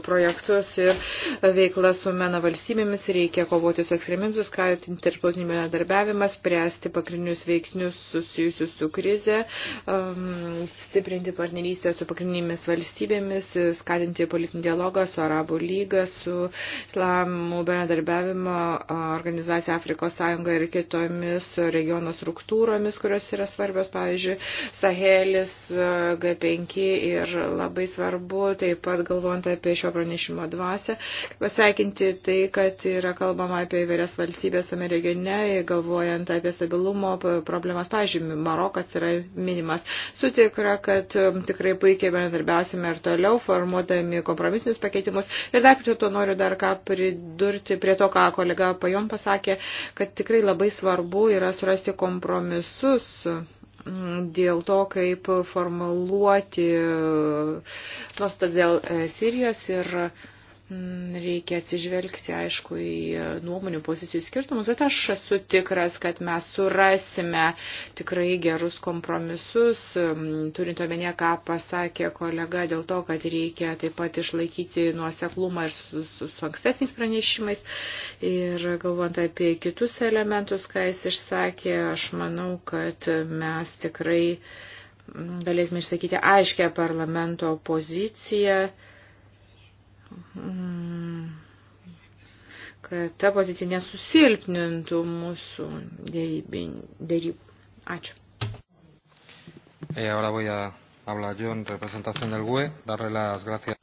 projektus ir veiklą su mena valstybėmis, reikia kovoti su ekstremizmus, skatinti tarptautinį bendradarbiavimą, spręsti pagrindinius veiksnius susijusius su krize, um, stiprinti partnerystę su pagrindinėmis valstybėmis, skatinti politinį dialogą su Arabų lyga, su Islamų bendradarbiavimo organizacija Afrikos sąjunga ir kitomis regiono struktūromis, kurios yra svarbios, pavyzdžiui, Sahelis, e, G5 ir labai svarbu, taip pat galvojant apie šio pranešimo dvasę, pasveikinti tai, kad yra kalbama apie įvairias valstybės tame regione, galvojant apie stabilumo problemas. Pavyzdžiui, Marokas yra minimas. Sutikra, kad e, tikrai puikiai bendradarbiausime ir toliau, formuodami kompromisinius pakeitimus. Ir dar prie to noriu dar ką pridurti prie to, ką kolega Pajon pasakė, kad tikrai labai svarbu yra surasti kompromisus Mm, dėl to, kaip formuluoti nuostas dėl e, Sirijos ir Mm, reikia atsižvelgti, aišku, į nuomonių pozicijų skirtumus, bet aš esu tikras, kad mes surasime tikrai gerus kompromisus, mm, turint omenyje, ką pasakė kolega, dėl to, kad reikia taip pat išlaikyti nuoseklumą ir su, su, su ankstesniais pranešimais. Ir galvojant apie kitus elementus, ką jis išsakė, aš manau, kad mes tikrai galėsime išsakyti aiškę parlamento poziciją Mm. kad ta pozicija nesusilpnintų mūsų dėrybų. Ačiū. Eh, ahora voy a hablar yo en representación del GUE, darle las gracias.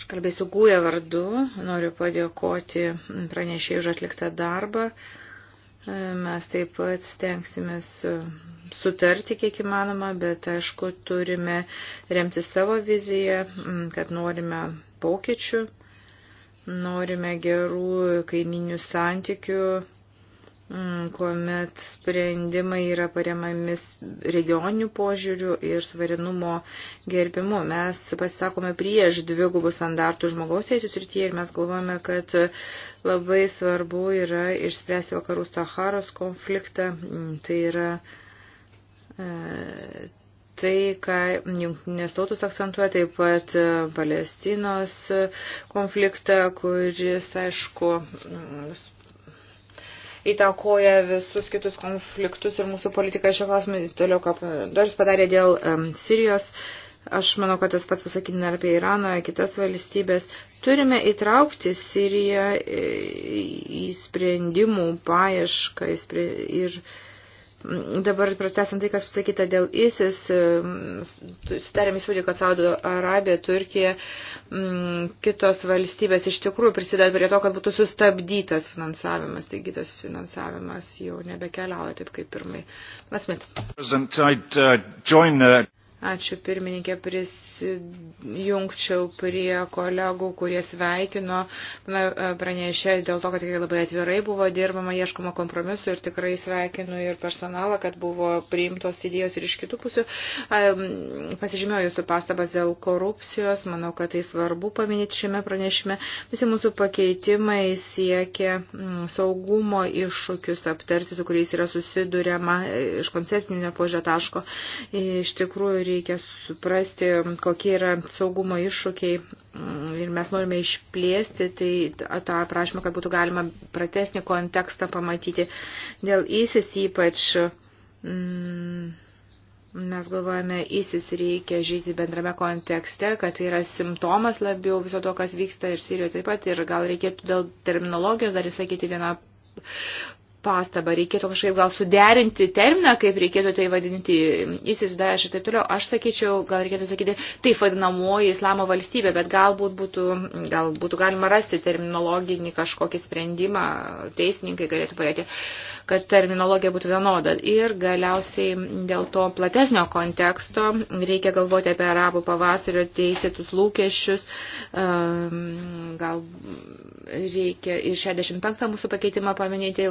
Aš kalbėsiu GUE vardu, noriu padėkoti pranešėjai už atliktą darbą. Uh, Mes taip pat stengsimės e, sutarti, kiek įmanoma, bet aišku, turime remti savo viziją, kad norime pokyčių, norime gerų kaiminių santykių Mm, kuomet sprendimai yra paremamis regioninių požiūrių ir suverenumo gerbimu. Mes pasisakome prieš dvigubų standartų žmogaus teisų srityje ir mes galvojame, kad labai svarbu yra išspręsti vakarų Saharos konfliktą. Mm, tai yra e, tai, ką jungtinės tautos akcentuoja, taip pat e, Palestinos konfliktą, kuris, aišku, mm, įtakoja visus kitus konfliktus ir mūsų politiką šio klausimu toliau, ką Doris padarė dėl um, Sirijos. Aš manau, kad tas pats pasakytina apie Iraną, kitas valstybės. Turime įtraukti Siriją e, į sprendimų paiešką į spre... ir. Spre Dabar pratesant tai, kas pasakyta dėl ISIS, e, sutarėm įspūdį, kad Saudo Arabija, Turkija, kitos valstybės iš tikrųjų prisideda prie to, kad būtų sustabdytas finansavimas, taigi tas finansavimas jau nebekeliauja taip kaip pirmai. Lasmit. Ačiū pirmininkė, prisijungčiau prie kolegų, kurie sveikino pranešę dėl to, kad tikrai labai atvirai buvo dirbama, ieškoma kompromisu ir tikrai sveikinu ir personalą, kad buvo priimtos idėjos ir iš kitų pusių. Pasižymėjau jūsų pastabas dėl korupcijos, manau, kad tai svarbu paminėti šiame pranešime. Visi mūsų pakeitimai siekia saugumo iššūkius aptarti, su kuriais yra susidūrėma e, iš konceptinio požio taško. E, iš tikrųjų, reikia suprasti, kokie yra saugumo iššūkiai mm, ir mes norime išplėsti tai, tą aprašymą, kad būtų galima pratesnį kontekstą pamatyti. Dėl ISIS ypač. Mm, Mes galvojame, įsis reikia žyti bendrame kontekste, kad tai yra simptomas labiau viso to, kas vyksta ir Sirijoje taip pat, ir gal reikėtų dėl terminologijos dar įsakyti vieną pastabą. Reikėtų kažkaip gal suderinti terminą, kaip reikėtų tai vadinti ISIS, Daesh ir taip toliau. Aš sakyčiau, gal reikėtų sakyti taip vadinamoji islamo valstybė, bet galbūt būtų, gal būtų galima rasti terminologinį kažkokį sprendimą, teisininkai galėtų padėti kad terminologija būtų vienoda. Ir galiausiai dėl to platesnio konteksto reikia galvoti apie arabų pavasario teisėtus lūkesčius. Ehm, gal reikia ir 65 mūsų pakeitimą paminėti,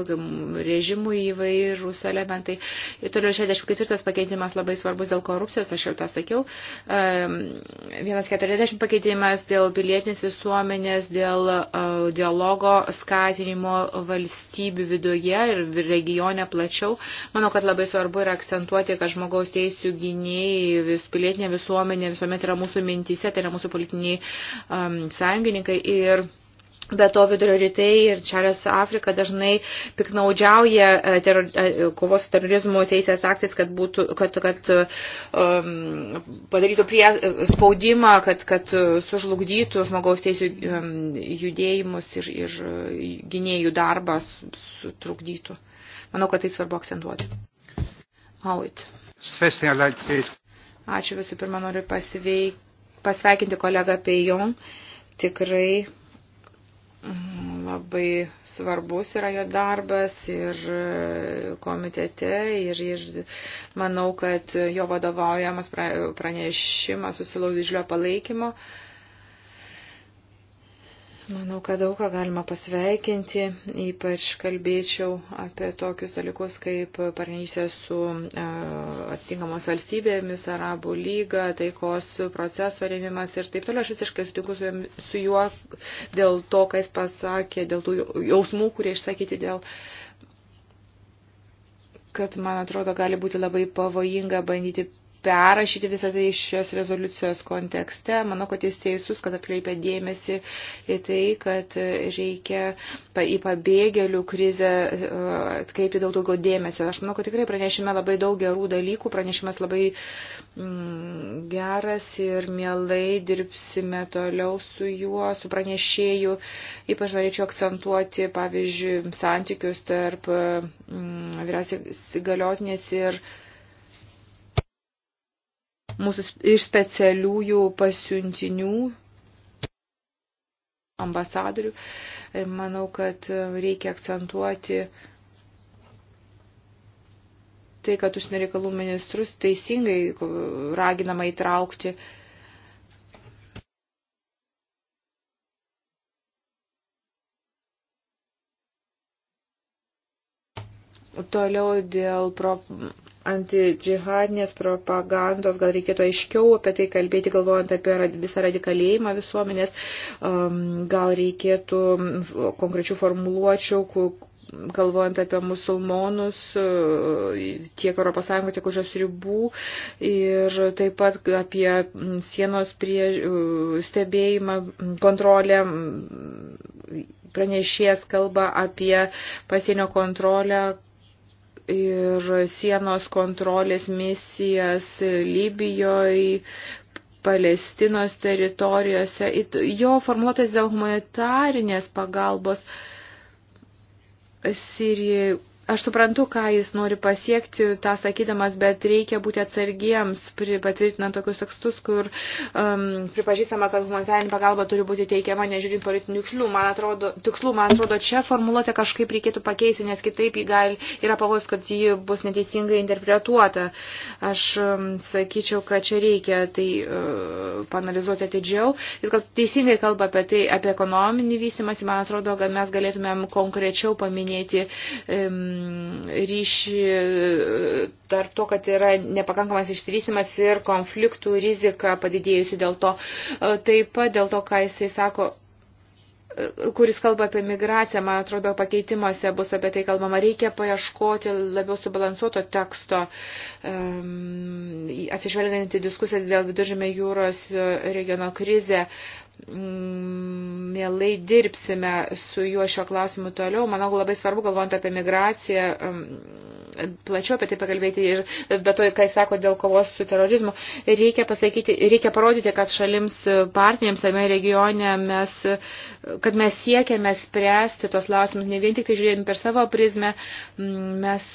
režimų įvairūs elementai. Ir toliau 64 pakeitimas labai svarbus dėl korupcijos, aš jau tą sakiau. 140 ehm, pakeitimas dėl pilietinės visuomenės, dėl e, dialogo skatinimo valstybių viduje ir ir regione plačiau. Manau, kad labai svarbu yra akcentuoti, kad žmogaus teisų gynėjai, vis, pilietinė visuomenė visuomet yra mūsų mintise, tai yra mūsų politiniai um, sąjungininkai. Ir Be to vidurio rytai ir Čarės Afrika dažnai piknaudžiauja e, teror, e, kovos su terorizmu teisės aktais, kad, būtų, kad, kad um, padarytų prie spaudimą, kad, kad sužlugdytų žmogaus teisų um, judėjimus ir, ir gynėjų darbą sutrukdytų. Manau, kad tai svarbu akcentuoti. Auit. Ačiū visų pirma, noriu pasiveik... pasveikinti kolegą Pejon. Tikrai mm, labai svarbus yra jo darbas ir e, komitete ir, ir manau, kad jo vadovaujamas pranešimas susilauk didžiulio palaikymo. Uh, Manau, kad daug ką galima pasveikinti, ypač kalbėčiau apie tokius dalykus kaip partnerystė su e, atitinkamos valstybėmis, Arabų lyga, taikos proceso rėmimas ir taip toliau. Aš visiškai sutinku su juo dėl to, ką jis pasakė, dėl tų jausmų, kurie išsakyti dėl kad, man atrodo, gali būti labai pavojinga bandyti perrašyti visą tai šios rezoliucijos kontekste. Manau, kad jis teisus, kad atkreipia dėmesį į tai, kad reikia į pabėgėlių krizę e, atkreipti daug daugiau dėmesio. Aš manau, kad tikrai pranešime labai daug gerų dalykų, pranešimas labai mm, geras ir mielai dirbsime toliau su juo, su pranešėju. Ypač norėčiau akcentuoti, pavyzdžiui, santykius tarp mm, vyriausiai galiotinės ir mūsų iš specialiųjų pasiuntinių ambasadorių. Ir manau, kad e, reikia akcentuoti tai, kad užsienio reikalų ministrus teisingai raginama įtraukti Toliau dėl pro, antidžihadinės propagandos, gal reikėtų aiškiau apie tai kalbėti, galvojant apie visą radikalėjimą visuomenės, um, gal reikėtų konkrečių formuluočių, galvojant apie musulmonus uh, tiek ES, tiek už jos ribų ir taip pat apie mm, sienos prie, uh, stebėjimą, mm, kontrolę. Mm, pranešėjas kalba apie pasienio kontrolę, ir sienos kontrolės misijas Libijoje, Palestinos teritorijose, jo formuotas dėl humanitarinės pagalbos Sirijai Aš suprantu, ką jis nori pasiekti, tą sakydamas, bet reikia būti atsargiems, patvirtinant tokius tekstus, kur um, pripažįstama, kad humanitarinė pagalba turi būti teikiama, nežiūrint politinių tikslų. Man atrodo, tikslų, man atrodo čia formuluotę kažkaip reikėtų pakeisti, nes kitaip jį gali, yra pavojus, kad ji bus neteisingai interpretuota. Aš um, sakyčiau, kad čia reikia tai uh, panalizuoti atidžiau. Jis gal teisingai kalba apie tai, apie ekonominį vystimąsi, man atrodo, kad mes galėtumėm konkrečiau paminėti. Um, Mm, ryšį e, tarp to, kad yra nepakankamas išsivysimas ir konfliktų rizika padidėjusi dėl to. E, taip pat dėl to, ką jisai sako, e, kuris kalba apie migraciją, man atrodo, pakeitimuose bus apie tai kalbama, reikia paieškoti labiau subalansuoto teksto, um, atsižvelgiant į diskusijas dėl viduržėmė jūros regiono krizę. Um, Mm, mielai dirbsime su juo šio klausimu toliau. Manau, labai svarbu, galvojant apie migraciją, mm, plačiau apie tai pakalbėti ir be to, kai sako dėl kovos su terorizmu, reikia, pasakyti, reikia parodyti, kad šalims partneriams tame regione mes, kad mes siekiame spręsti tos klausimus, ne vien tik tai žiūrėjom per savo prizmę, mm, mes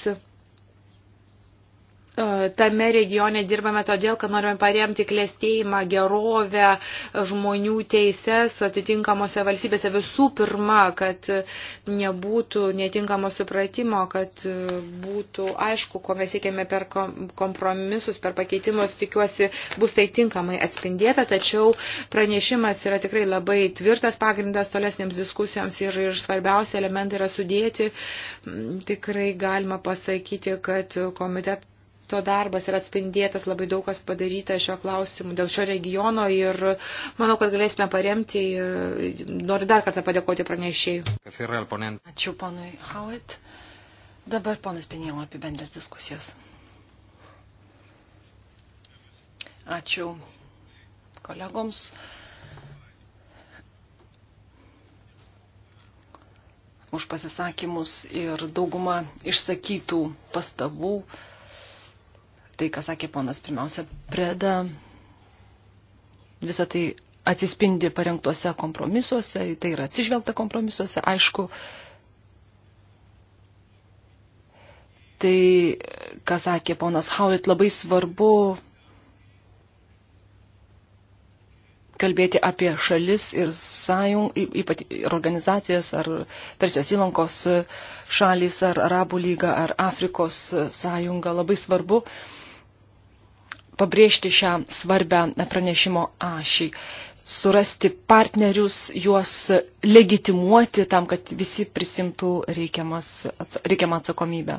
tame regione dirbame todėl, kad norime paremti klėstėjimą, gerovę, žmonių teises atitinkamose valstybėse. Visų pirma, kad nebūtų netinkamo supratimo, kad būtų aišku, ko mes siekėme per kompromisus, per pakeitimus, tikiuosi, bus tai tinkamai atspindėta, tačiau pranešimas yra tikrai labai tvirtas pagrindas tolesnėms diskusijoms ir, ir svarbiausia elementai yra sudėti. Mm, tikrai galima pasakyti, kad komitetas to darbas yra atspindėtas, labai daug kas padaryta šio klausimu dėl šio regiono ir manau, kad galėsime paremti ir noriu dar kartą padėkoti pranešėjai. Ačiū ponui Howitt. Dabar ponas Pinėjau apie bendras diskusijas. Ačiū kolegoms. už pasisakymus ir daugumą išsakytų pastabų tai, ką sakė ponas pirmiausia, preda, visą tai atsispindi parengtuose kompromisuose, tai yra atsižvelgta kompromisuose, aišku, tai, ką sakė ponas Howitt, labai svarbu kalbėti apie šalis ir sąjung, ypat, ir organizacijas, ar Persijos įlankos šalis, ar Arabų lyga, ar Afrikos sąjunga. Labai svarbu uh, pabrėžti šią svarbę pranešimo ašį, surasti partnerius, juos legitimuoti tam, kad visi prisimtų reikiamą atsakomybę.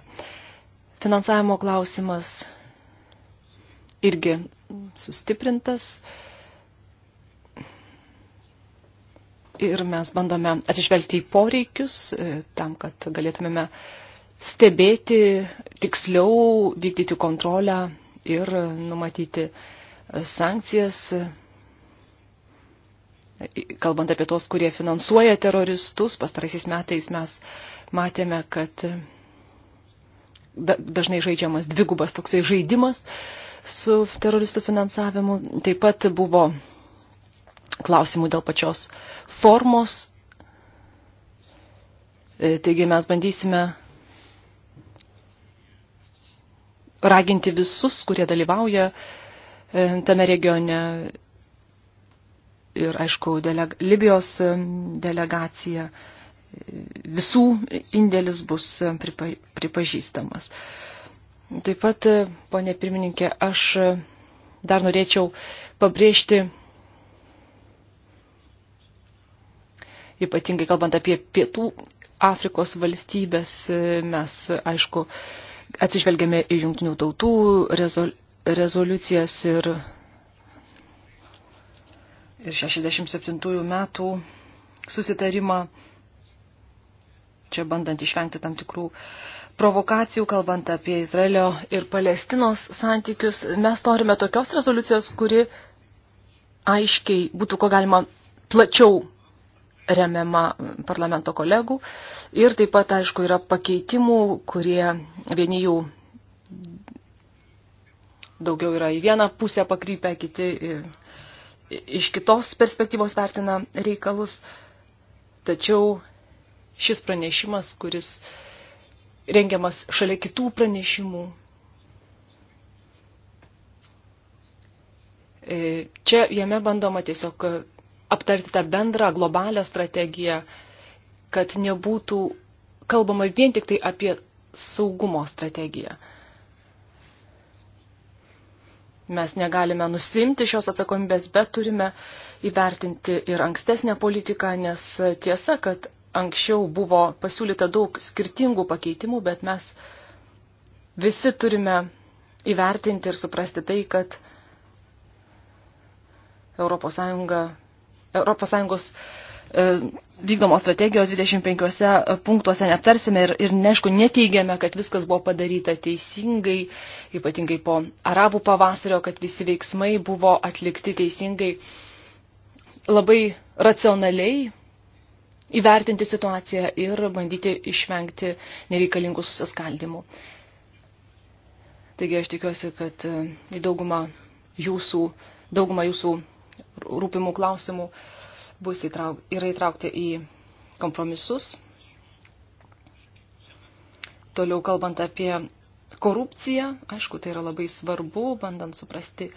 Finansavimo klausimas irgi sustiprintas. Ir mes bandome atsižvelgti į poreikius e, tam, kad galėtumėme stebėti, tiksliau vykdyti kontrolę ir numatyti sankcijas, kalbant apie tos, kurie finansuoja teroristus. Pastaraisiais metais mes matėme, kad dažnai žaidžiamas dvigubas toksai žaidimas su teroristų finansavimu. Taip pat buvo klausimų dėl pačios formos. Taigi mes bandysime raginti visus, kurie dalyvauja e, tame regione ir, aišku, deleg Libijos e, delegacija, e, visų indėlis bus pripa pripažįstamas. Taip pat, ponė pirmininkė, aš dar norėčiau pabrėžti, ypatingai kalbant apie pietų Afrikos valstybės, mes, aišku, atsižvelgiame į jungtinių tautų rezol, rezoliucijas ir, ir 67 metų susitarimą, čia bandant išvengti tam tikrų provokacijų, kalbant apie Izraelio ir Palestinos santykius. Mes norime tokios rezoliucijos, kuri aiškiai būtų ko galima plačiau remiama parlamento kolegų. Ir taip pat, aišku, yra pakeitimų, kurie vieni jų daugiau yra į vieną pusę pakrypę, kiti iš kitos perspektyvos vertina reikalus. Tačiau šis pranešimas, kuris rengiamas šalia kitų pranešimų, e, čia jame bandoma tiesiog aptarti tą bendrą globalią strategiją, kad nebūtų kalbama vien tik tai apie saugumo strategiją. Mes negalime nusimti šios atsakomybės, bet turime įvertinti ir ankstesnę politiką, nes tiesa, kad anksčiau buvo pasiūlyta daug skirtingų pakeitimų, bet mes visi turime įvertinti ir suprasti tai, kad ES ES e, vykdomos strategijos 25 e, punktuose neaptarsime ir, ir neaišku, neteigiame, kad viskas buvo padaryta teisingai, ypatingai po arabų pavasario, kad visi veiksmai buvo atlikti teisingai, labai racionaliai įvertinti situaciją ir bandyti išvengti nereikalingų susiskaldimų. Taigi aš tikiuosi, kad e, į daugumą jūsų, daugumą jūsų rūpimų klausimų bus įtrauk, yra įtraukti į kompromisus. Toliau kalbant apie korupciją, aišku, tai yra labai svarbu, bandant suprasti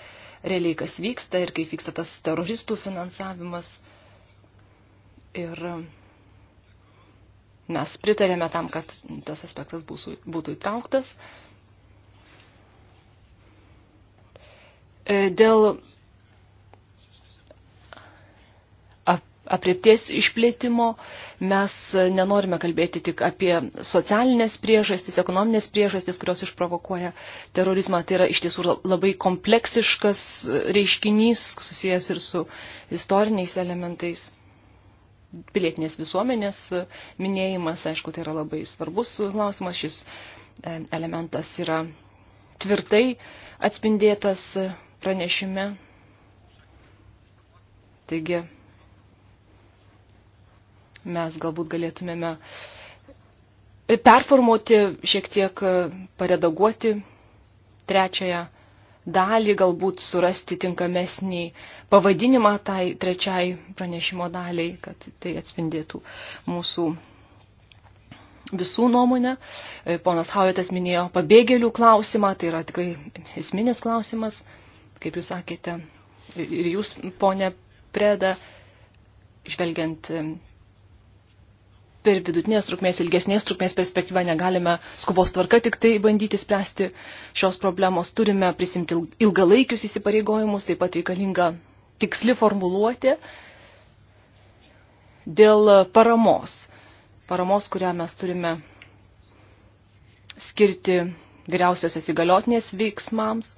realiai, kas vyksta ir kaip vyksta tas teroristų finansavimas. Ir mes pritarėme tam, kad tas aspektas būsų, būtų įtrauktas. E, dėl apriepties išplėtimo, mes nenorime kalbėti tik apie socialinės priežastis, ekonominės priežastis, kurios išprovokuoja terorizmą. Tai yra iš tiesų labai kompleksiškas reiškinys, susijęs ir su istoriniais elementais. Pilietinės visuomenės minėjimas, aišku, tai yra labai svarbus klausimas, šis e, elementas yra tvirtai atspindėtas pranešime. Taigi, mes galbūt galėtumėme e, performuoti, šiek tiek e, paredaguoti trečiąją dalį, galbūt surasti tinkamesnį pavadinimą tai trečiai pranešimo daliai, kad tai atspindėtų mūsų visų nuomonę. E, ponas Haujotas minėjo pabėgėlių klausimą, tai yra tikrai esminis klausimas, kaip jūs sakėte, ir jūs, ponė Preda, žvelgiant per vidutinės trukmės, ilgesnės trukmės perspektyvą negalime skubos tvarka tik tai bandyti spręsti šios problemos. Turime prisimti ilgalaikius įsipareigojimus, taip pat reikalinga tiksli formuluoti dėl paramos. Paramos, kurią mes turime skirti vyriausiosios įgaliotinės veiksmams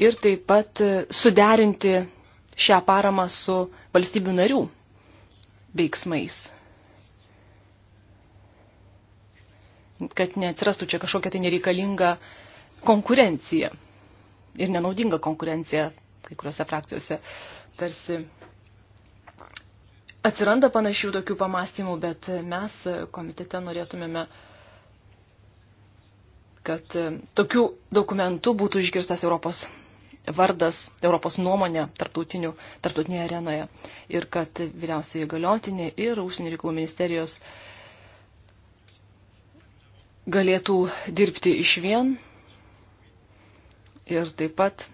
ir taip pat suderinti šią paramą su valstybių narių veiksmais kad neatsirastų čia kažkokia tai nereikalinga konkurencija ir nenaudinga konkurencija kai kuriuose frakcijose tarsi atsiranda panašių tokių pamastymų, bet mes komitete norėtumėme, kad tokių dokumentų būtų išgirstas Europos vardas, Europos nuomonė tarptautinėje arenoje ir kad vyriausiai galiotinė ir užsienio reikalų ministerijos uh, galėtų dirbti iš vien ir taip pat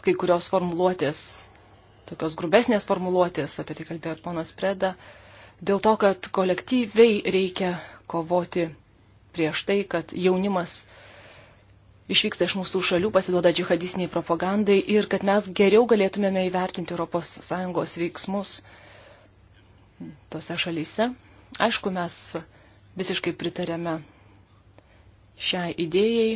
kai kurios formuluotės, tokios grubesnės formuluotės, apie tai kalbėjo ir ponas Preda, dėl to, kad kolektyviai reikia kovoti prieš tai, kad jaunimas išvyksta iš mūsų šalių, pasiduoda džihadistiniai propagandai ir kad mes geriau galėtumėme įvertinti ES veiksmus tose šalyse. Aišku, mes visiškai pritarėme šiai idėjai,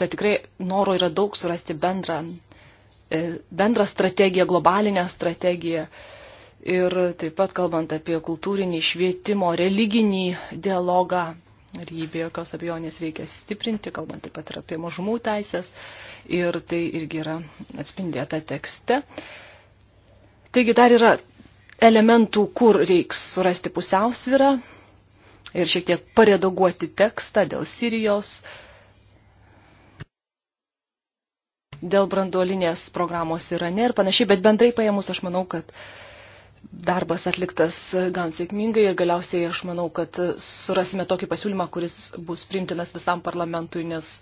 kad tikrai noro yra daug surasti bendrą, e, bendrą strategiją, globalinę strategiją. Ir taip pat kalbant apie kultūrinį švietimo, religinį dialogą, ir jį be jokios abejonės reikia stiprinti, kalbant taip pat ir apie mažumų teisės, ir tai irgi yra atspindėta tekste. Taigi dar yra elementų, kur reiks surasti pusiausvyrą ir šiek tiek paredaguoti tekstą dėl Sirijos, dėl branduolinės programos Irane ir panašiai, bet bendrai paėmus aš manau, kad darbas atliktas gan sėkmingai ir galiausiai aš manau, kad surasime tokį pasiūlymą, kuris bus priimtinas visam parlamentui, nes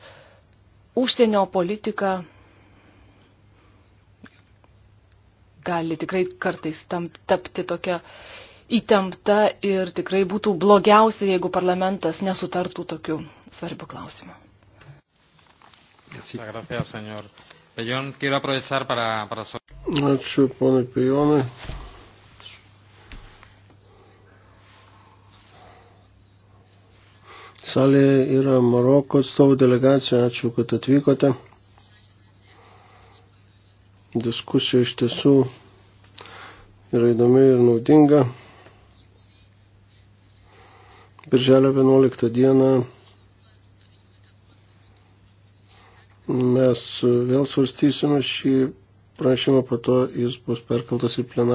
užsienio politika gali tikrai kartais tam, tapti tokia įtempta ir tikrai būtų blogiausia, jeigu parlamentas nesutartų tokiu svarbiu klausimu. Ačiū, ponai Pijonai. Salėje yra Maroko atstovų delegacija. Ačiū, kad atvykote diskusija iš tiesų yra įdomi ir naudinga. Birželio 11 dieną mes vėl svarstysime šį prašymą, po to jis bus perkeltas į plenarą.